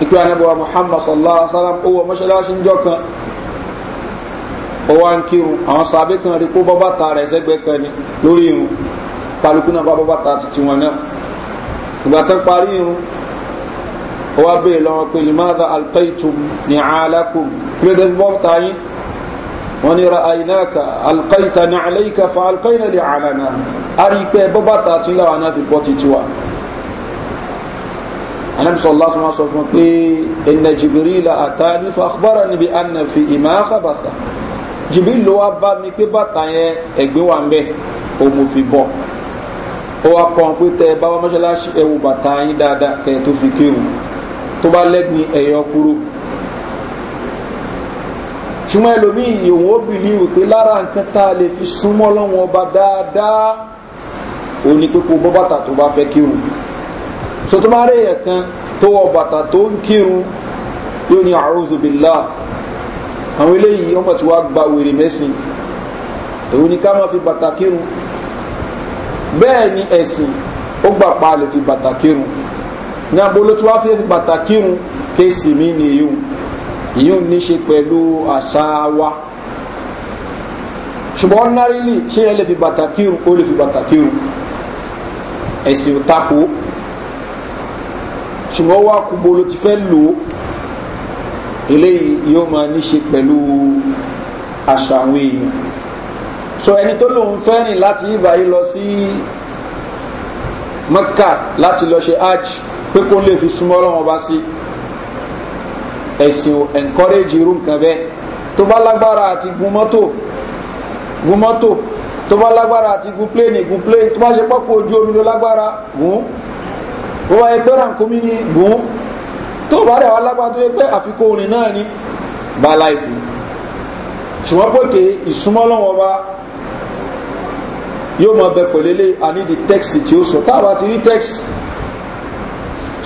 ikú anabi wa muhammad sọlá salam owó mọ́ṣáláṣí ń jọ kan ó wá ń kírun àwọn sàbẹ̀ kan rí kó bọ́bá ta rẹ̀ sẹ́gbẹ̀ẹ́ kan ni lórí irun kálukú náà bá bọ́bá ta titi wọn náà ìgbà tán parí irun wá bèèrè lọ́wọ́ pé limada altaitum ni alakum pé dẹ́bi bọ́ ta yín wọ́n ní ra àyínáka alkaita ní àlẹ́yìká fa alkaina lè àlànà a rí pé bọ́bá ta fi bọ́ tiwa anamsọ lásán wá sọ fún pé ẹnna jìbìrì la àtàní fa àkbára níbi ànà fi ìmọ̀ àkàbàsà jìbìrì ló wá bá mi pé bàtà yẹn ẹ̀gbin wà ń bẹ̀ òun mo fi bọ̀ ó wá pọ̀ pé tẹ bábá mọ́ṣáláṣí ẹ̀wù bàtà yín dáadáa kẹ́ẹ̀ tó fi kéwù tó bá lẹ́gbìn ẹ̀yọ kúrò ṣùgbọ́n ẹlòmíì ìwọ̀n ó bìlíwì pé lára nǹkan tá a lè fi súnmọ́ lọ́wọ́n ọba dáadáa ò ní pé kó bọ́ bàtà tó bá fẹ́ kírun so tó bá rí èèyàn kan tó wọ bàtà tó ń kírun yóò ní àrùnzùbìlà àwọn eléyìí ọmọ tí wàá gba wèrè mẹ́sìn èwo ni ká máa fi bàtà kírun bẹ́ẹ̀ ni ẹ̀sìn ó gbà pa lè fi bàtà kírun ní abolo tí wàá fi bàtà kírun kéésì mi ni èyí ìyóò ní ṣe pẹ̀lú àṣà wa ṣùgbọ́n ordinarily ṣé yẹn lè fi bàtà kírun ó lè fi bàtà kírun ẹ̀sìn ò takò ṣùgbọ́n wá kubo ló ti fẹ́ lò ó eléyìí yóò máa ní ṣe pẹ̀lú àṣà àwọn èèyàn so ẹni tó lòun fẹ́ rìn láti ibà yìí lọ sí mẹ́kà láti lọ ṣe hajj pé kó lè fi súnmọ́ ọlọ́wọ́n bá sí ẹ̀sìn encourage irú nǹkan bẹ́ẹ̀ tó bá lágbára àti gun mọ́tò gun mọ́tò tó bá lágbára àti gun pléènì gun pléènì tó bá ṣe pọ́pọ́ ojú omi ló lágbára gun ó wáyé pé rànkómi ni gun tó bá rẹ̀ wá lágbára tó yẹ pé àfikún orin náà ni bá láìfi ṣùgbọ́n pòkè ìsúnmọ́ ọlọ́wọ́n bá yóò mọ bẹ pẹ̀lẹ́lẹ́ àní di tẹ́kìsì tí ó sọ táàbà ti rí tẹ́kìsì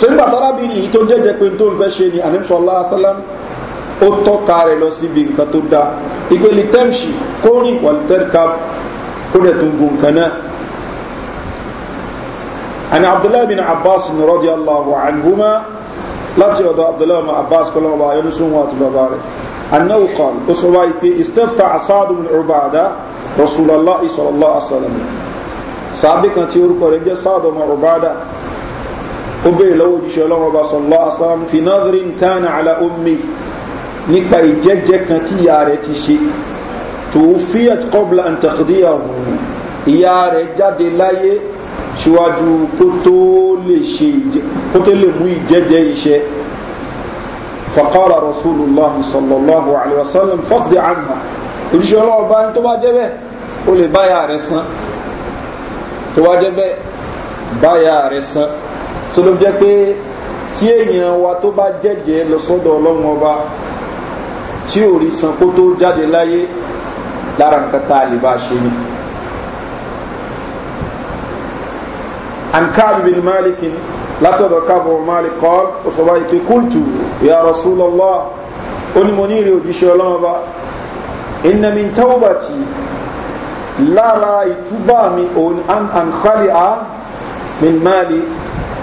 so nígbà tárábìnrin yìí tó jẹ́jẹ́ pé tó ń fẹ́ ṣe ni àníṣọ́lá asálám ó tọ́ka rẹ̀ lọ síbi nǹkan tó dáa ìgbélé tẹ́mṣì kórìn wàlítẹ́ríkà kó dẹ̀ tó ń gun nǹkan náà عن عبد الله بن عباس رضي الله عنهما لا تيودا عبد الله بن عباس كل ما يرسون واتبارك أنه قال أصبعي استفتع سعد بن عبادة رسول الله صلى الله عليه وسلم سابقا تيورك ورجع سعد بن عبادة ó béèrè lọ́wọ́ òjíṣẹ́ ọlọ́run ọba sọ̀lọ́ asam finadri nkan ala omi nípa ìjẹ́jẹ́ kan tí ìyá rẹ̀ ti ṣe tòfíyàt kọ́bla ntàkìdíyàwó ìyá rẹ̀ jáde láyé ṣíwájú kó tó lè ṣe kó tó lè mú ìjẹ́jẹ́ iṣẹ́ fàkàrà rasulillah sallallahu alayhi wa sallam fọ́kìdì àmà òjíṣẹ́ ọlọ́run ọba ní tó bá jẹ́ bẹ́ẹ̀ ó lè san tó bá jẹ́ bẹ́ẹ̀ san so ló jẹ́ pé tí èèyàn wa tó bá jẹ́jẹ́ lọ sọ́dọ̀ ọlọ́run ọba tí ò rí san kó tó jáde láyé lára nǹkan tá a lè bá a ṣe ni. ankaabi bin malikin látọ̀dọ̀ kábọ̀ malik kọ́l ó sọ báyìí pé kúltù ya rasulallah ó òjíṣẹ́ ọlọ́run ọba ìnàmí táwọ̀bàtì lára ìtúbà mi òun an ànkálì a min malik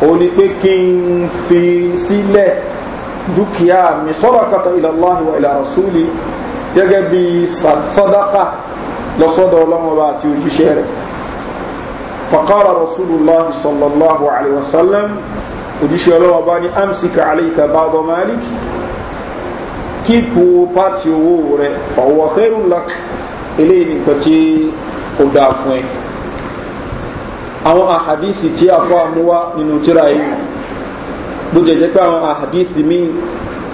ó ní pé kí n fi sílẹ̀ dúkìá mi sọ́dọ̀kàtà ìlàláhi wa ìlà rasúlì gẹ́gẹ́ bí sàdákà lọ́sọ́dọ̀ ọlọ́mọba àti òjíṣẹ́ rẹ̀ fàkàrà rasúlùláhi sallallahu alaihi wasallam òjíṣẹ́ ọlọ́mọba ní amsika alaika bàbá malik kíkú pàtí owó rẹ̀ fàwọ̀ kẹrùnlá eléyìí nìkan tí ó dáa fún ẹ àwọn àhàdíìsì tí a fọ́ àmúwá nínú tíra yìí bó jẹ̀jẹ̀ pé àwọn àhàdíìsì míì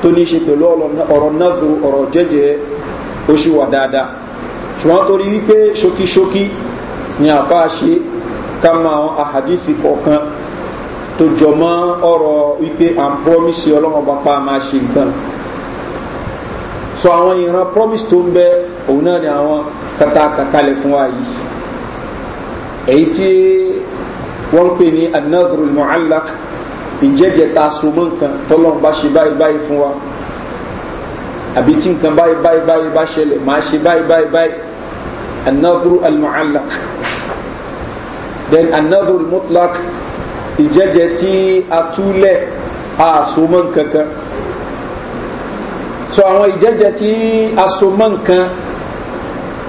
tó ní ṣe pẹ̀lú ọ̀rọ̀ náàzù ọ̀rọ̀ jẹ́jẹ́ ó wà dáadáa ṣùgbọ́n torí wípé ṣókíṣókí ni àfa ṣe ká mọ àwọn àhàdíìsì kọ̀ọ̀kan tó jọ mọ́ ọ̀rọ̀ wípé à ń promise ọlọ́wọ́n bá pa máa ṣe nǹkan sọ àwọn ìran promise tó ń bẹ òun náà ni àwọn kata kàkalẹ̀ fún wa yìí èyí tí wọ́n ń pè ní anazrul muallak ìjẹ́jẹta sọmọ́ nǹkan tọ́lọ́n bá ṣe báyìí báyìí fún wa àbí tí nǹkan báyìí báyìí báyìí bá ṣẹlẹ̀ máa ṣe báyìí báyìí báyìí anazrul almuallak then anazrul mutlak ìjẹ́jẹ tí a túlẹ̀ a sọmọ́ nǹkankan so àwọn ìjẹ́jẹ tí a sọmọ́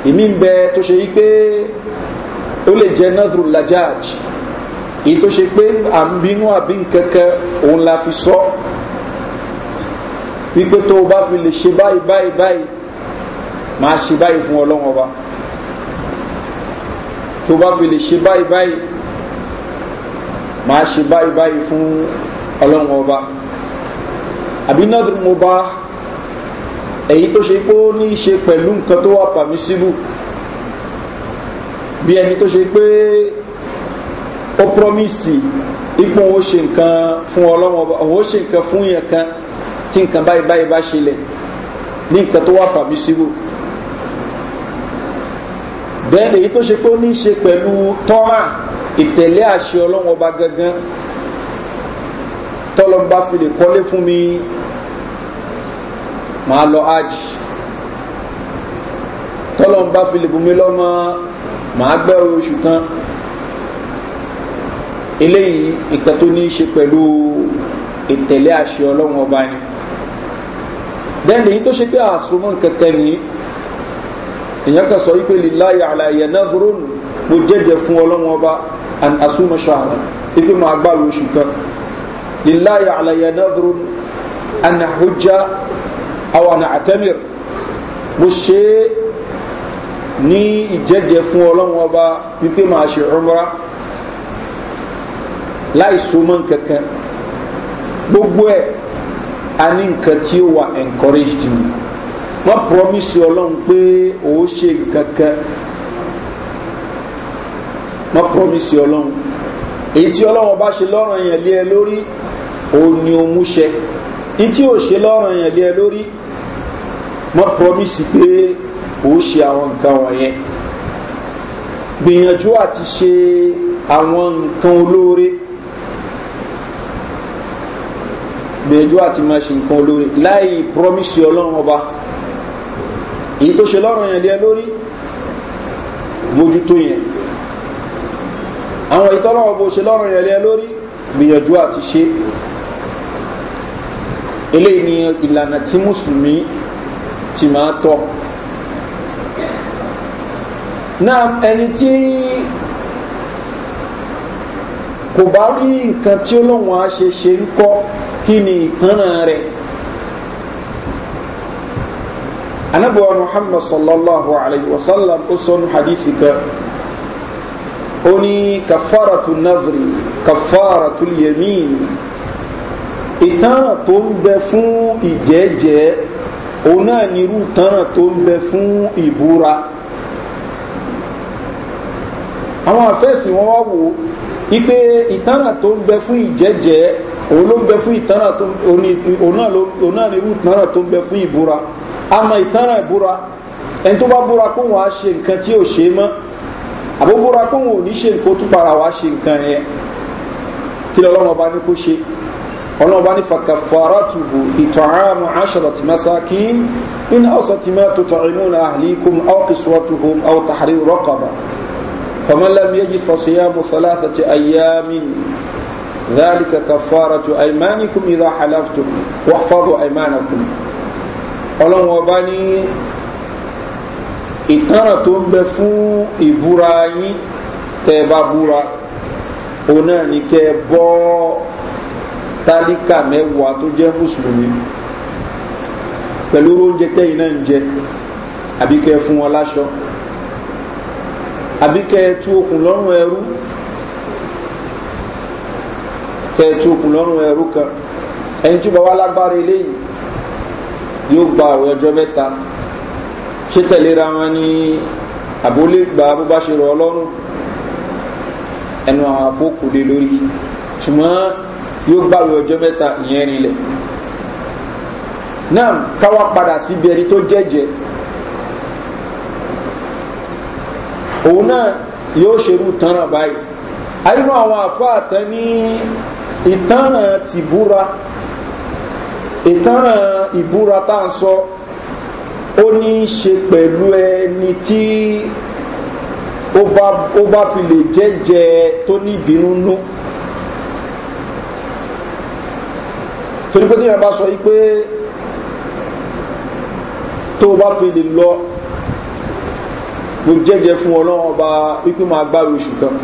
ìmí bẹ tó ṣe yí pé ó lè jẹ́ nazrul lajaj èyí tó ṣe pé à ń bínú àbí nkankan òun la fi sọ wípé tó o bá fi lè ṣe báyìí báyìí báyìí máa ṣe báyìí fún ọlọ́wọ́n ọba tó o bá fi lè ṣe báyìí báyìí máa ṣe báyìí báyìí fún ọlọ́wọ́n ọba àbí nothing mo bá èyí tó ṣe pé ó ní í ṣe pẹ̀lú nǹkan tó wà pàmí síbù bí ẹni tó ṣe pé. Pe ó promise ipò òun ó ṣe nǹkan fún ọlọ́wọ́n ọba òun ó ṣe nǹkan fún yẹn kan tí nǹkan báyìí báyìí bá ṣe lẹ̀ ní nǹkan tó wà permissible then èyí tó ṣe pé ó ní í ṣe pẹ̀lú tọ́ra ìtẹ̀lé àṣẹ ọlọ́wọ́n ọba gangan tọ́lọ́mbà fi lè kọ́lé fún mi màá lọ ájì tọ́lọ́mbà fi lè bùnmi lọ́mọ màá gbẹ́rù oṣù kan eléyìí nǹkan tó ní í ṣe pẹ̀lú ìtẹ̀lé àṣẹ ọlọ́run ọba ni bẹ́ẹ̀ni èyí tó ṣe pé àsomọ́ kẹ̀kẹ́ ni èèyàn kan sọ wípé líláyà àlàyé náà dúró nù mo jẹ́jẹ́ fún ọlọ́run ọba àsomọ́ ṣàrà ibi máa gbàrú oṣù kan líláyà àlàyé náà dúró nù anahujja àwọn àtẹ́mìr mo ṣe ní ìjẹ́jẹ́ fún ọlọ́run ọba wípé máa ṣe ọmọra láì so mọ́ kankan gbogbo ẹ̀ a ní nǹkan tí ó wà encouraged ni wọ́n promise ọlọ́run pé ó ṣe kankan wọ́n promise ọlọ́run èyí tí ọlọ́run bá ṣe lọ́rùn yẹn lé ẹ lórí òun ni ó múṣẹ ní tí ò ṣe lọ́rùn yẹn lé ẹ lórí wọ́n promise pé ó ṣe àwọn nǹkan wọ̀nyẹn gbìyànjú àti ṣe àwọn nǹkan olóore. gbìyànjú àti máa ṣe nǹkan olóore láì promise ọlọ́run ọba èyí tó ṣe lọ́rùn yẹn lé lórí mójútó yẹn àwọn ìtọ́lọ́wọ́ bó ṣe lọ́rùn yẹn lé lórí gbìyànjú àti ṣe eléyìí ni ìlànà tí mùsùlùmí ti máa tọ́ náà ẹni tí kò bá rí nǹkan tí ó á ṣe ṣe ń kọ́ kí ni ìtànà rẹ̀ anabuwa muhammad sallallahu alayhi wa sallam ó sọ nu hadithi kan ó ní kafaratu nazri kafaratu yemin ìtànà tó ń bẹ fún ìjẹ́jẹ́ òun náà ní irú ìtànà tó ń bẹ fún àwọn àfẹ́sì wọn wá wò ipe ìtànà tó ń bẹ fún ìjẹ́jẹ́ òun ló ń bẹ fún ìtanràn tó òun náà ní irú ìtanràn tó ń bẹ fún ìbúra àmọ́ ìtanràn ìbúra ẹni tó bá búra pé òun á ṣe nǹkan tí ò ṣe é mọ́ àbó búra pé òun ò ní ṣe nǹkan tó para wàá ṣe nǹkan yẹn kí ni ọlọ́run ọba ní kó ṣe ọlọ́run ọba ní fàkàfàrà tùbù ìtọ̀hánù aṣọ̀rọ̀ tì máa sákì ní ọ̀sọ̀ tì máa tó tọ̀ ìmú ní àhìlíkùn ọ̀kìsọ̀tùhùn ọ̀tàhàrí rọ́kọ̀bà fọmọlẹ́mí yẹ́jì fọ̀ṣẹ́yà mùsọ̀lá àti àyàmìn ذلك كفارة أيمانكم إذا حلفتم واحفظوا أيمانكم ọlọ́run ọba ní ìtanràn tó ń bẹ fún ìbúra yín tẹ́ ẹ bá búra òun náà ní kẹ́ ẹ bọ́ tálíkà mẹ́wàá tó jẹ́ mùsùlùmí pẹ̀lú oúnjẹ tẹ́yìn náà ń jẹ àbí kẹ́ ẹ fún wọn láṣọ àbí kẹ́ ẹ tú okùn lọ́rùn ẹrú kẹ́ẹ̀tú okùn lọ́rùn ẹrú kan ẹni tí ó bá wá lágbára eléyìí yóò gba àwọn ọjọ́ mẹ́ta ṣé tẹ̀léra wọn ní àbólé gba bó bá ṣe rọ ọlọ́run ẹnu àwọn afọ́kùnlé lórí ṣùgbọ́n yóò gba àwọn ọjọ́ mẹ́ta ìyẹn rinlẹ̀ náà káwá padà síbi ẹni tó jẹ́jẹ́ òun náà yóò ṣerú tanra báyìí àyínú àwọn àfáà tán ní ìtanràn ti búra ìtanràn ìbúra tá à ń sọ ó ní í ṣe pẹ̀lú ẹni tí ó bá ó bá fi lè jẹ́jẹ́ tó ní ìbínú nú torí tí yẹn sọ yí pé tó bá fi lè lọ mo jẹ́jẹ́ fún ọlọ́run ọba wípé máa gbáre oṣù kan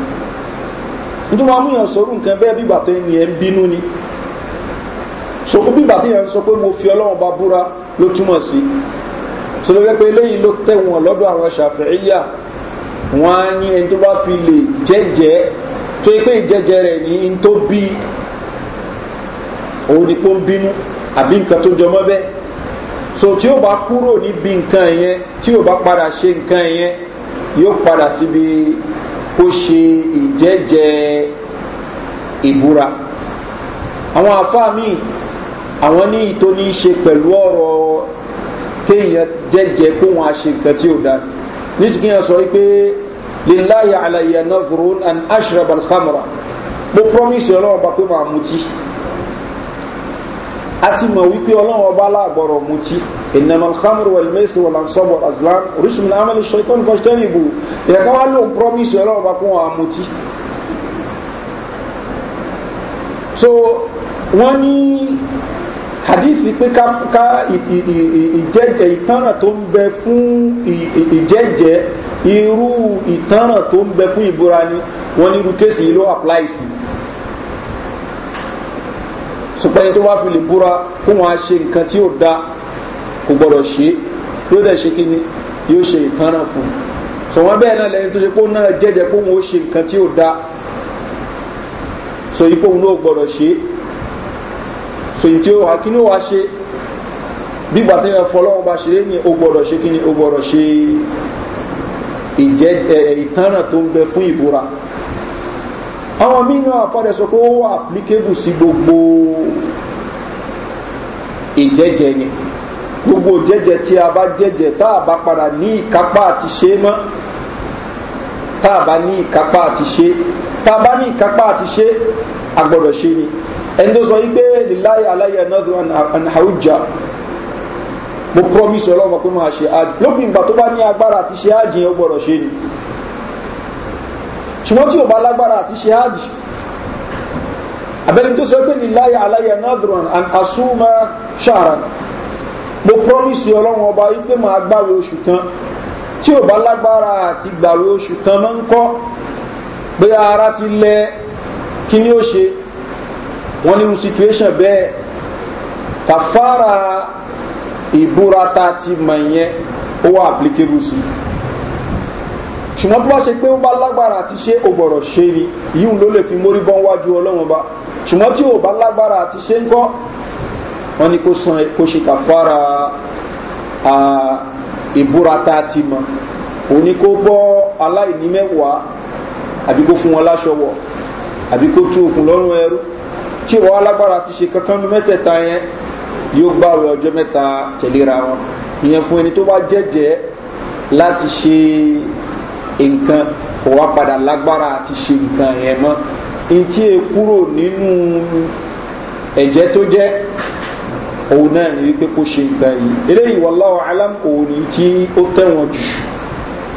nítorí wọn múyàn sọrú nǹkan bẹ́ẹ̀ bí bàtẹ́ ni ẹ̀ ń bínú ni so bí bàtẹ́ yẹn sọ pé mo fi ọlọ́wọ́n bá búra ló túmọ̀ sí so ló fẹ́ pé eléyìí ló tẹ̀wọ̀n lọ́dọ̀ àwọn ṣàfẹ́yà wọn á ní ẹni tó bá fi lè jẹ́jẹ́ tó yẹ pé ìjẹ́jẹ́ rẹ̀ ní n tó bí òun ni pé ó ń bínú àbí nǹkan tó jọmọ́ bẹ́ẹ̀ so tí ó bá kúrò níbi nǹkan yẹn tí ó bá padà ṣe nǹkan yẹn yóò padà síbi. Si kó ṣe ìjẹ́jẹ́ ìbúra àwọn àfáà míì àwọn ní ìtò ní í ṣe pẹ̀lú ọ̀rọ̀ kéèyàn jẹ́jẹ́ pé wọ́n á ṣe nǹkan tí ó da nísìkíyàn sọ wípé lillahi alayya nazarun and ashraf alhamra mo promise ọlọ́run pa pé màá mutí a ti mọ̀ wípé ọlọ́run ọba aláàgbọ̀rọ̀ mutí ìnàmọ̀l hamru wẹ̀lmẹ́sì wọ̀lansọ́bọ̀ azlan orísun amẹ́lẹ̀ ṣọ́ikọ́ ní fọ́ṣítẹ́nì ìbò ìyàká wá lóun promise ọlọ́run ọba kún wọn mutí. so wọ́n ní hadith pé ká ìjẹ́jẹ́ ìtànà tó ń bẹ fún ìjẹ́jẹ́ irú ìtànà tó ń bẹ fún ìbúra ni wọ́n ní irú kéèsì yìí ló apply sí i ṣùgbọ́n ẹni tó bá fi lè búra kó wọn á ṣe nǹkan tí ó da kò gbọ́dọ̀ ṣe yóò dẹ̀ ṣe kí ni yóò ṣe ìtanràn fún un sọ̀wọ́n bẹ́ẹ̀ náà lẹ́yìn tó ṣe pé náà jẹ́jẹ́ pé òun ó ṣe nǹkan tí ó da so ipò òun náà gbọ́dọ̀ ṣe so ìtí ó wà kí ni ó wá ṣe bígbà tí wọn fọlọ́wọ́n bá ṣeré ni ó gbọ́dọ̀ ṣe kí ni ó gbọ́dọ̀ ṣe ìtanràn tó ń bẹ fún ìbúra àwọn mínú àfọ́dẹ̀ sọ pé ó wà applicable sí gbogbo ìjẹ́jẹ ni gbogbo jẹ́jẹ tí a bá jẹ́jẹ tá a bá padà ní ìkápá àti ṣe mọ́ tá a bá ní ìkápá àti ṣe tá a bá ní ìkápá àti ṣe a gbọ́dọ̀ ṣe ni ẹni tó sọ yí pé líláyà aláyà another and hauja mo promise ọlọ́mọ pé máa ṣe ájì lópin ìgbà tó bá ní agbára àti ṣe ájì yẹn ó gbọ́dọ̀ ṣe ni ṣùgbọ́n tí ò bá lágbára àti ṣe hajj abẹ́ni tó sọ pé ní láyé aláyé northern and asuma sharan mo promise ọlọ́run ọba wípé máa gbàwé oṣù kan tí ò bá lágbára àti gbàwé oṣù kan máa ń kọ́ pé ara ti lẹ kí ni ó ṣe wọ́n ní irú situation bẹ́ẹ̀ kàfàrà ìbúra ta ti mọ̀ yẹn ó wà applicable sí i ṣùgbọ́n tó bá ṣe pé ó bá lágbára àti ṣe ò gbọ̀rọ̀ ṣe ni yíhun ló lè fi mórí bọ́ wájú ọlọ́run ba ṣùgbọ́n tí ò bá lágbára àti ṣe ń kọ́ wọn ni kò san kò ṣe kàfàrà ìbúra tá a ti mọ òní kó bọ́ aláìní mẹ́wàá àbí kó fún wọn láṣọ wọ̀ àbí kó tú okùn lọ́rùn ẹrú tí ìwọ alágbára ti ṣe kankan nu mẹ́tẹ̀ẹ̀ta yẹn yóò gbàwé ọjọ́ mẹ́ta tẹ̀léra wọn ìyẹn fún ẹni tó bá jẹ́jẹ́ láti ṣe nǹkan kò wá padà lágbára àti ṣe nǹkan yẹn mọ́ ntí e kúrò nínú ẹ̀jẹ̀ tó jẹ́ òun náà ní wípé kó ṣe nǹkan yìí eléyìí wàláwà alam òun ní tí ó tẹ̀wọ̀n jù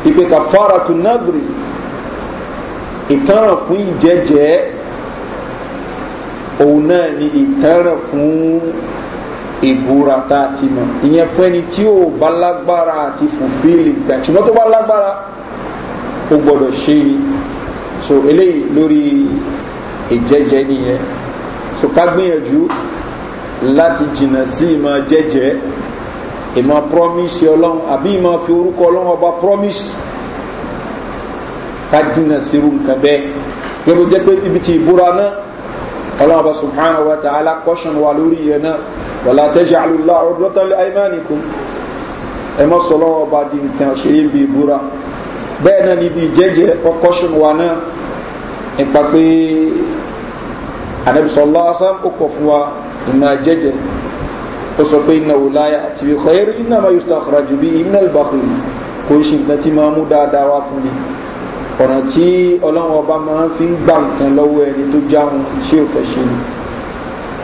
ìpè kàfàrà tó nàdìrì ìtanràn fún ìjẹ́jẹ́ òun náà ní ìtanràn fún ìbúra tá a ti mọ̀ ìyẹn fún ẹni tí ò bá lágbára àti fòfíìlì gbà ṣùgbọ́n tó bá lágbára ó gbọ́dọ̀ ṣe so eléyìí lórí ìjẹ́jẹ́ nìyẹn so ká gbìyànjú láti jìnnà sí ìmọ̀ jẹ́jẹ́ ìmọ̀ promise ọlọ́run àbí ìmọ̀ fi orúkọ ọlọ́run ọba promise ká jìnnà sí irú nǹkan bẹ́ẹ̀ yẹ́n bó jẹ́ pé ibi tí ìbúra náà ọlọ́run ọba subhanahu wa ta'ala kọ́ṣán wa lórí yẹn náà wàlá tẹ́jà àlùlá ọdún tán lé àìmánìkún ẹ mọ́ sọ ọba di nǹkan ṣe é bí ìbúra bẹ́ẹ̀ náà níbi ìjẹ́jẹ́ ọkọ̀ṣun wa náà nípa pé anabi sọlá asam ó kọ̀ fún wa ìmọ̀ àjẹ́jẹ́ ó sọ pé iná wò láyà àti ìkọ̀ ẹ̀rí iná máa yóò sọ̀rọ̀ jù bí iná ìbáfẹ́ kò ṣe nǹkan tí máa mú dáadáa wá fún mi ọ̀nà tí ọlọ́run ọba máa fi ń gbà nǹkan lọ́wọ́ ẹni tó já wọn ṣé ò fẹ́ ṣe ni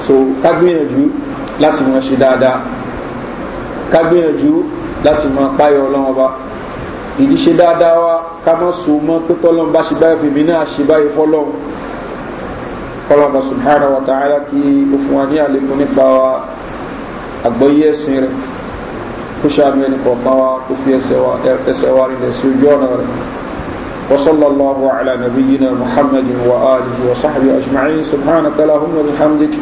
so ká gbìyànjú láti máa ṣe dáadáa ká gbìyànjú láti máa páyọ ọlọ́run ọba ìdíṣe dáadáa wa ká má so mọ́ pé tọ́lọ́n bá ṣe báyìí fún mi náà ṣe báyìí fọ́lọ́hún kọ́lọ́mọ subhana wa ta'ala kí o fún wa ní àlékún nípa àgbọ́yé ẹ̀sìn rẹ̀ kó ṣàánú ẹnì kọ̀ọ̀kan wa kó fi ẹsẹ̀ wa rìn lẹ́sìn ojú ọ̀nà rẹ̀ وصلى الله على نبينا محمد وآله وصحبه أجمعين سبحانك اللهم وبحمدك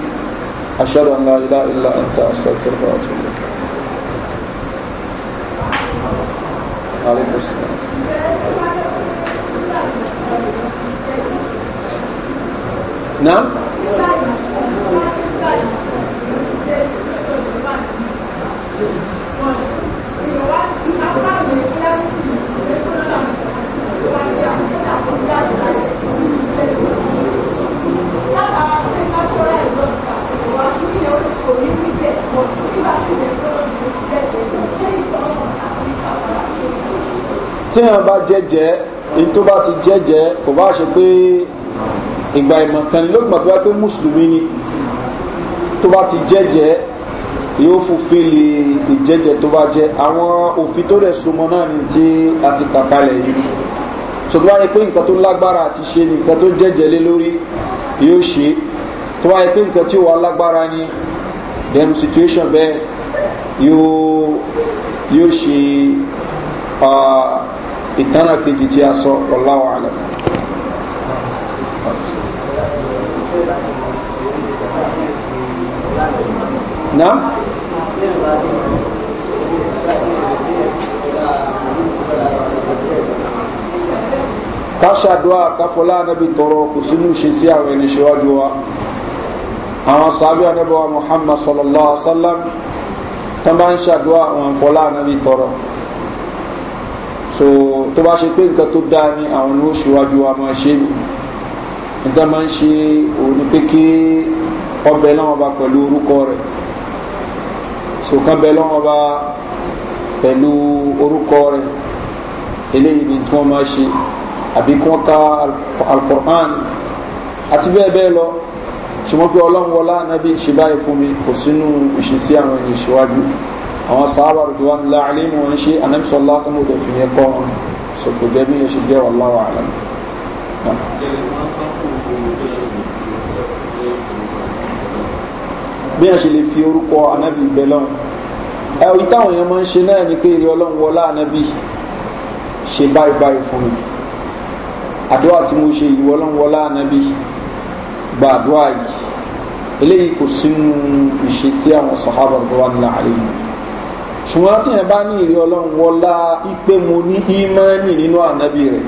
أشهد أن لا إله إلا أنت أستغفرك وأتوب إليك عليكم السلام نعم Thank you. téèyàn bá jẹ́jẹ́ èyí tó bá ti jẹ́jẹ́ kò bá ṣe pé ìgbà ìmọ̀ kan ni ló gbàgbé pé mùsùlùmí ni tó bá ti jẹ́jẹ́ yóò fòfin lè ìjẹ́jẹ́ tó bá jẹ́ àwọn òfin tó rẹ̀ sọmọ náà ni tí a ti kà kalẹ̀ yìí ṣùgbọ́n wáyé pé nǹkan tó lágbára àti ṣe ni nǹkan tó jẹ́jẹ́ lé lórí yóò ṣe tó wáyé pé nǹkan tí ó wà lágbára ni dem situation bẹ́ẹ̀ yóò ṣe ah, ìtànà kejì tí a sọ wallahu alam. naam. káṣàdúrà káfọlá anábì tọrọ kò sínú ṣe sí àwọn ẹni ṣíwájú wa àwọn sàbí anábì wa muhammad sallallahu alaihi wa tó máa ń ṣàdúrà àwọn fọlá anábì tọrọ so tó bá ṣe pé nǹkan tó dáa ni àwọn ní ó ṣíwájú wa máa ṣe ni níta máa ń ṣe òun ni pé kí ọbẹ̀ náà bá pẹ̀lú orúkọ rẹ̀ sòkan bẹ̀ lọ́wọ́ bá pẹ̀lú orúkọ rẹ̀ eléyìí ni tí wọ́n máa ṣe àbí kí wọ́n ka alukur'an àti bẹ́ẹ̀ bẹ́ẹ̀ lọ ṣùgbọ́n pé ọlọ́run wọlá anábì ṣe báyìí fún mi kò sínú ìṣesí àwọn ènìyàn ìṣíwájú àwọn sábà rẹ̀ tó wà nílá àlẹ́mú wọn ṣe anamisa lásán ló fi yẹn kọ́ wọn so kò jẹ́ bí yẹn ṣe jẹ́ wà láwà àlẹ́ bí yẹn ṣe lè fi orúkọ anábì bẹ́lọ́n ẹ ìtàwọn yẹn máa ń ṣe náà ni pé èrè ọlọ́run wọlá anábì ṣe báyìí báyìí fún mi àdúrà tí mo ṣe ìwọ ọlọ́run wọlá anábì gba àdúrà yìí eléyìí kò sínú ìṣesí àwọn sọ̀hábà rẹ̀ wà nílá àlẹ́ ṣùgbọ́n tí yẹn bá ní ìrí ọlọ́run wọlá ipe mo ní ímánì nínú ànábì rẹ̀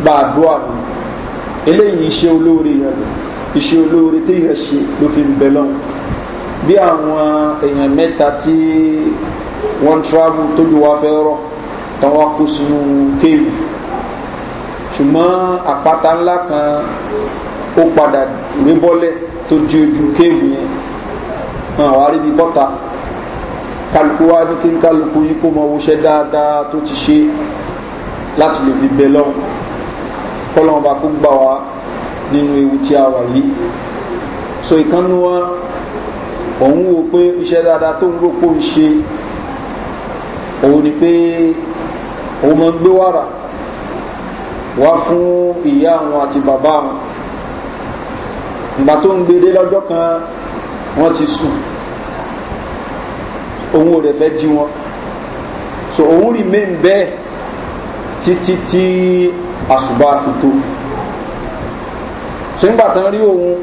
gba àdúrà mi eléyìí iṣẹ́ olóore yẹn lò iṣẹ́ olóore tí yẹn ṣe ló fi ń bẹ lọ́run bí àwọn èèyàn mẹ́ta tí wọ́n travel tójú wa fẹ́ rọ̀ tán wá kó sínú cave ṣùgbọ́n àpáta ńlá kan ó padà rébọ́lẹ̀ tó di ojú cave yẹn àwọn aríbi bọ́ta kálukú wá ní kí n kálukú yí kó mọ owóṣẹ́ dáadáa tó ti ṣe láti lè fi bẹ lọ́hùn kọ́lọ́hún bá kó gbà wá nínú ewu tí a wà yìí so ìkànnì wọn òun wo pé iṣẹ́ dáadáa tó ń rògbò ń ṣe òun ni pé òun máa gbé wàrà wá fún ìyá àwọn àti bàbá àwọn ìgbà tó ń gbé dé lọ́jọ́ kan wọ́n ti sùn òun ò rẹ̀ fẹ́ jí wọn so òun rí mé bẹ́ẹ̀ títí tí àṣùbà fi tó so nígbà tán rí òun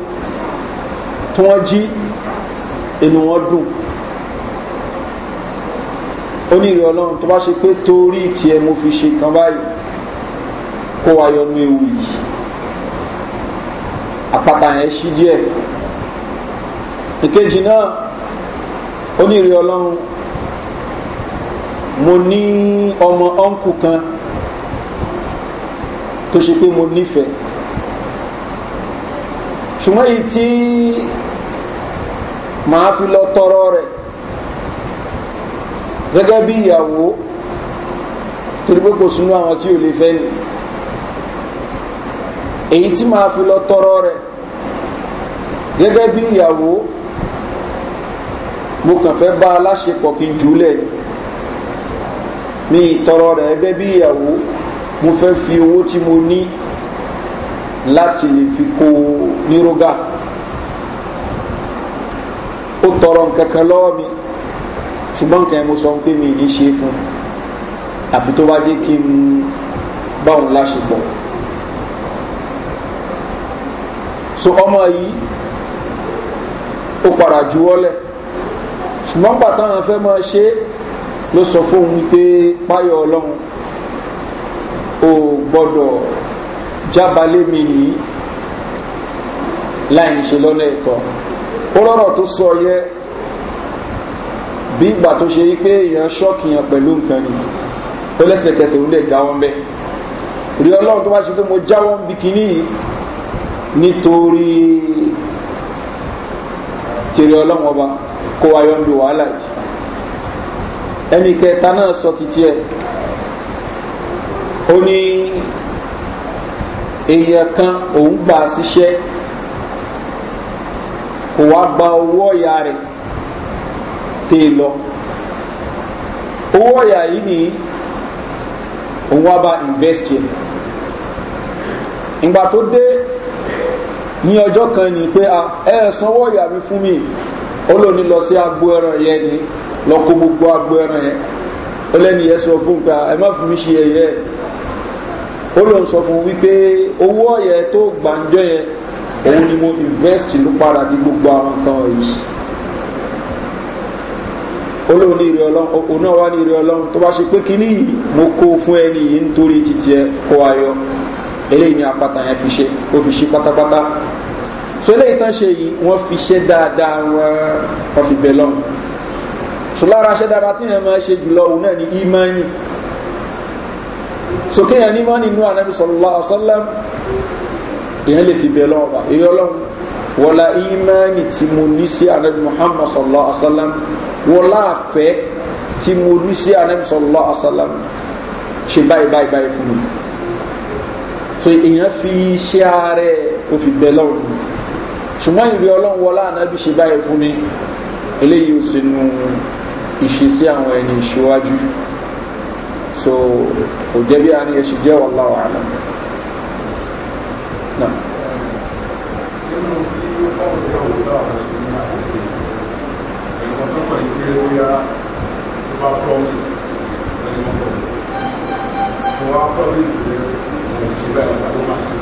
tí wọ́n jí inú wọn dùn ó ní ìrẹ̀ ọlọ́run tó bá ṣe pé torí tiẹ̀ mo fi ṣe kan báyìí kó wa yọnu ewu yìí àpáta yẹn ṣí díẹ̀ ìkejì náà onírè ọlọ́run mo ní ọmọ ọ́nkù kan tó ṣe pé mo nífẹ̀ẹ́ ṣùgbọ́n èyí tí màá fi lọ tọrọ rẹ̀ gẹ́gẹ́ bí ìyàwó torí pé kò súnú àwọn tí ò lè fẹ́ ni èyí tí màá fi lọ tọrọ rẹ̀ gẹ́gẹ́ bí ìyàwó mo kàn fẹ́ bá aláṣepọ̀ kí n jùlẹ̀ ní ìtọrọ rẹ̀ gẹ́gẹ́ bí ìyàwó mo fẹ́ fi owó tí mo ní láti lè fi kó nírógà ó tọrọ nǹkan lọ́wọ́ mi ṣùgbọ́n nǹkan ẹ̀ mo sọ pé mi ní ṣe fún àfi tó bá dé kí n bá òun láṣepọ̀ so ọmọ yìí ó padà juwọ́lẹ̀ ṣùgbọ́n pàtó àwọn fẹ́ máa ṣe ló sọ fóun wípé páyọ̀ ọlọ́run ò gbọ́dọ̀ jábálé mi nìyí láì ń ṣe lọ́nà ẹ̀tọ́ ó rọ̀rọ̀ tó sọ yẹ bí ìgbà tó ṣe yí pé èèyàn ṣọ́ọ̀kì yàn pẹ̀lú nǹkan ni ó lẹ́sẹ̀kẹsẹ̀ ó lè ga wọn bẹ́ẹ̀ rí ọlọ́run tó bá ṣe pé mo jáwọ́ ń bí kínní nítorí tèrè ọlọ́run ọba kó wa yọ̀ǹdò wàhálà yìí ẹnì kẹta náà sọ títí ẹ ó ní èèyàn kan òun gbà síṣẹ́ kò wá gba owó ọ̀yà rẹ̀ tè lọ owó ọ̀yà yìí ni òun wá bá invest yẹn ìgbà tó dé ní ọjọ́ kan ni pé ẹ sanwó ọ̀yà mi fún mi ó lò ní lọ sí agbo ẹran yẹn ni lọ kó gbogbo agbo ẹran yẹn ó lẹ́ni yẹn sọ fún gba ẹ má fi mí ṣe ẹ̀yẹ ó lọ sọ fún wípé owó ọ̀yẹ tó gbàǹjọ yẹn òun ni mo invest ló padà di gbogbo àwọn nǹkan yìí olóhùn ní ìrẹ ọlọ́run òun náà wá ní ìrẹ ọlọ́run tó bá ṣe pé kíní yìí mo kó fún ẹni yìí nítorí títí ẹ kó ayọ eléyìí ni apáta yẹn fi ṣe ó fi ṣe pátápátá so eléyìí tán ṣe yìí wọ́n fi ṣe dáadáa wọn wọ́n fi bẹ̀ lọ́wọ́ so lára ṣe dáadáa tí yẹn máa ṣe jùlọ òun náà ni imani so kéèyàn ní mọ́ni inú anabi sọlọ́lá ọ̀sọ́lá èèyàn lè fi bẹ̀ lọ́wọ́ bá eré ọlọ́run wọ́lá imani tí mo ní sí anabi muhammad sọlọ́lá ọ̀sọ́lá wọ́lá àfẹ́ tí mo ní sí anabi sọlọ́lá ọ̀sọ́lá ṣe báyìí báyìí báyìí fún mi so èèyàn fi ṣe ààrẹ òfin bẹ̀ lọ́wọ́ ṣùgbọ́n ìrí ọlọ́run wọlá ànábì ṣe báyìí fún mi eléyìí ò sí nu ìṣesí àwọn ẹni ìṣíwájú so kò jẹ́ bí a ní ẹṣin jẹ́ wà láwà àlà náà. nínú tí ó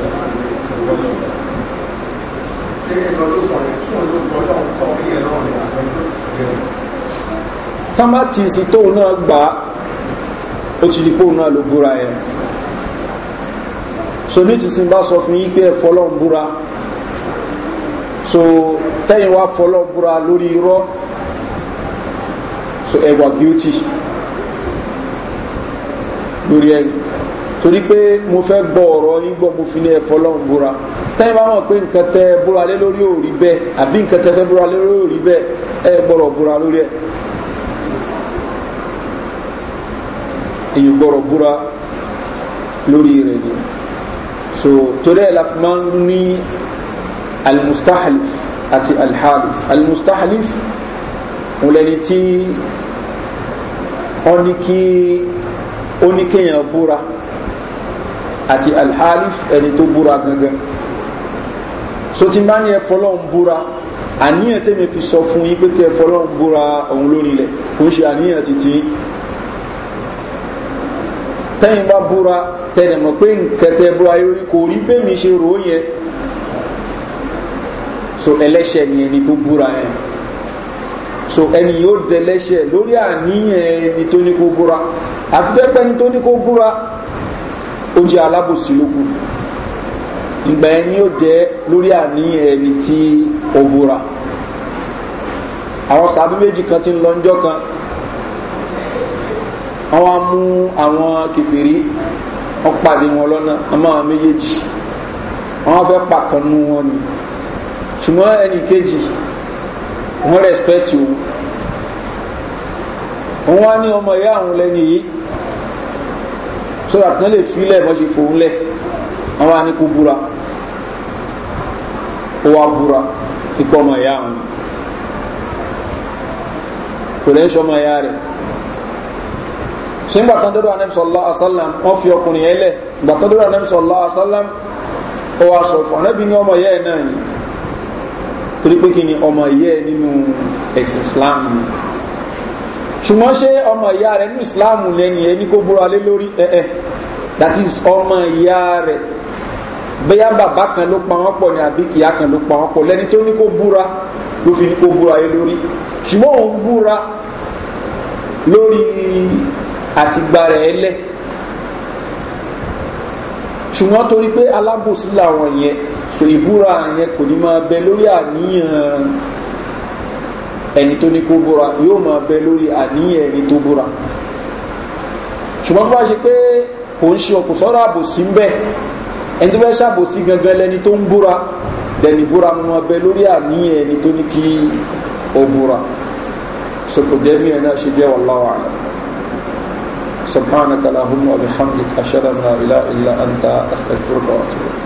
kọ́ ẹ̀kọ́ tó sọ yẹn ṣùgbọ́n ló fọ́ lọ́wọ́ kọ́ orí ẹ̀ náà ní àwọn ẹgbẹ́ ti sílẹ̀ rẹ̀. ká má ti sí tóun náà gbà á ó ti di póun náà ló búra yẹn so ní ti sin bá sọ fún yí pé ẹ fọlọ́ ń búra so tẹ́yìn wá fọlọ́ ń búra lórí irọ́ so ẹ wà guilty lórí ẹ torí pé mo fẹ́ gbọ́ ọ̀rọ̀ yín gbọ́ mo fi ní ẹ fọlọ́ ń búra. So, tẹ́yìn bá mọ̀ pé nǹkan tẹ búra lé lórí òrí bẹ́ẹ̀ àbí nǹkan tẹ fẹ́ búra lé lórí òrí bẹ́ẹ̀ ẹ gbọ́dọ̀ búra lórí ẹ̀ èyí gbọ́dọ̀ búra lórí rẹ̀ ni so torí ẹ̀ la fi máa ń ní almustahlif àti alhalif almustahlif òun lẹni tí wọ́n ní kí ó búra àti alhalif ẹni tó búra gangan so tí n bá ní ẹ fọlọ́hún búra àníyàn tẹ́mi fi sọ fún yín pé kí ẹ fọlọ́hún búra ọ̀hún lórílẹ̀ kò ń ṣe àníyàn títí tẹ́yìn bá búra tẹ̀lé pé nkẹtẹ búra yóò kò rí bẹ́ẹ̀ mi ṣe rò ó yẹn so ẹlẹ́ṣẹ̀ ni ẹni tó búra yẹn so ẹni yóò dẹlẹ́ṣẹ̀ lórí àníyàn ẹni tó ní kó búra àfi jẹ́ pé ẹni tó ní kó búra ó jẹ́ alábòsí lókun ìgbà yẹn ni yóò jẹ́ lórí àníyàn ẹni tí ó búra àwọn sàbí méjì kan ti ń lọ ńjọ́ kan àwọn mú àwọn kẹfìrí wọn pàdé wọn lọ́nà ọmọ àwọn méjèèjì wọn fẹ́ pàkànnú wọn ni ṣùgbọ́n ẹnì kejì wọn rẹ̀spẹ̀tì òun òun wá ní ọmọ ìyá àwọn lẹ́ni yìí sọ́dọ̀ àtúntàn lè fi lẹ̀ bọ́ ṣe fòun lẹ̀ wọn wá ní kó búra ó wá búra ipò ọmọ ìyá àwọn kò lẹ́sọ̀ ọmọ ìyá rẹ̀ sínú gbàtàndọ́dọ̀ anẹ́bísọ̀lá asálàm wọ́n fi ọkùnrin yẹn lẹ̀ gbàtàndọ́dọ̀ anẹ́bísọ̀lá asálàm ó wá sọ fún anábì ní ọmọ ìyá ẹ̀ náà ni torí pé kí ni ọmọ ìyá ẹ̀ islam ni se ṣé ọmọ ìyá rẹ̀ nínú islam lẹ́ni ẹni kó búra lé lórí eh, that is ọmọ ìyá bóyá bàbá kan ló pa wọ́n pọ̀ ní àbí kìá kan ló pa wọ́n pọ̀ lẹ́ni tó ní kó búra ló fi ní kó búra yé lórí ṣùgbọ́n òun búra lórí àtìgbà rẹ̀ ẹlẹ́ ṣùgbọ́n torí pé alábòsí làwọn yẹn so ìbúra yẹn kò ní máa bẹ lórí àníyàn ẹni tó ní kó búra yóò máa bẹ lórí àníyàn ẹni tó búra ṣùgbọ́n bá ṣe pé kò ń ṣe ọkùnṣọ́rọ̀ àbòsí ń bẹ́ẹ̀ ẹni tó fẹ́ ṣàbòsí gangan lẹni tó ń búra lẹni búra mọ́ ọbẹ̀ lórí àníyàn ẹni tó ní kí ó búra sọkòdẹ́mí ẹ̀ náà ṣe jẹ́ wàláwà rẹ̀ subhanaka lahumma wa bihamdika ashhadu an la ilaha illa anta astaghfiruka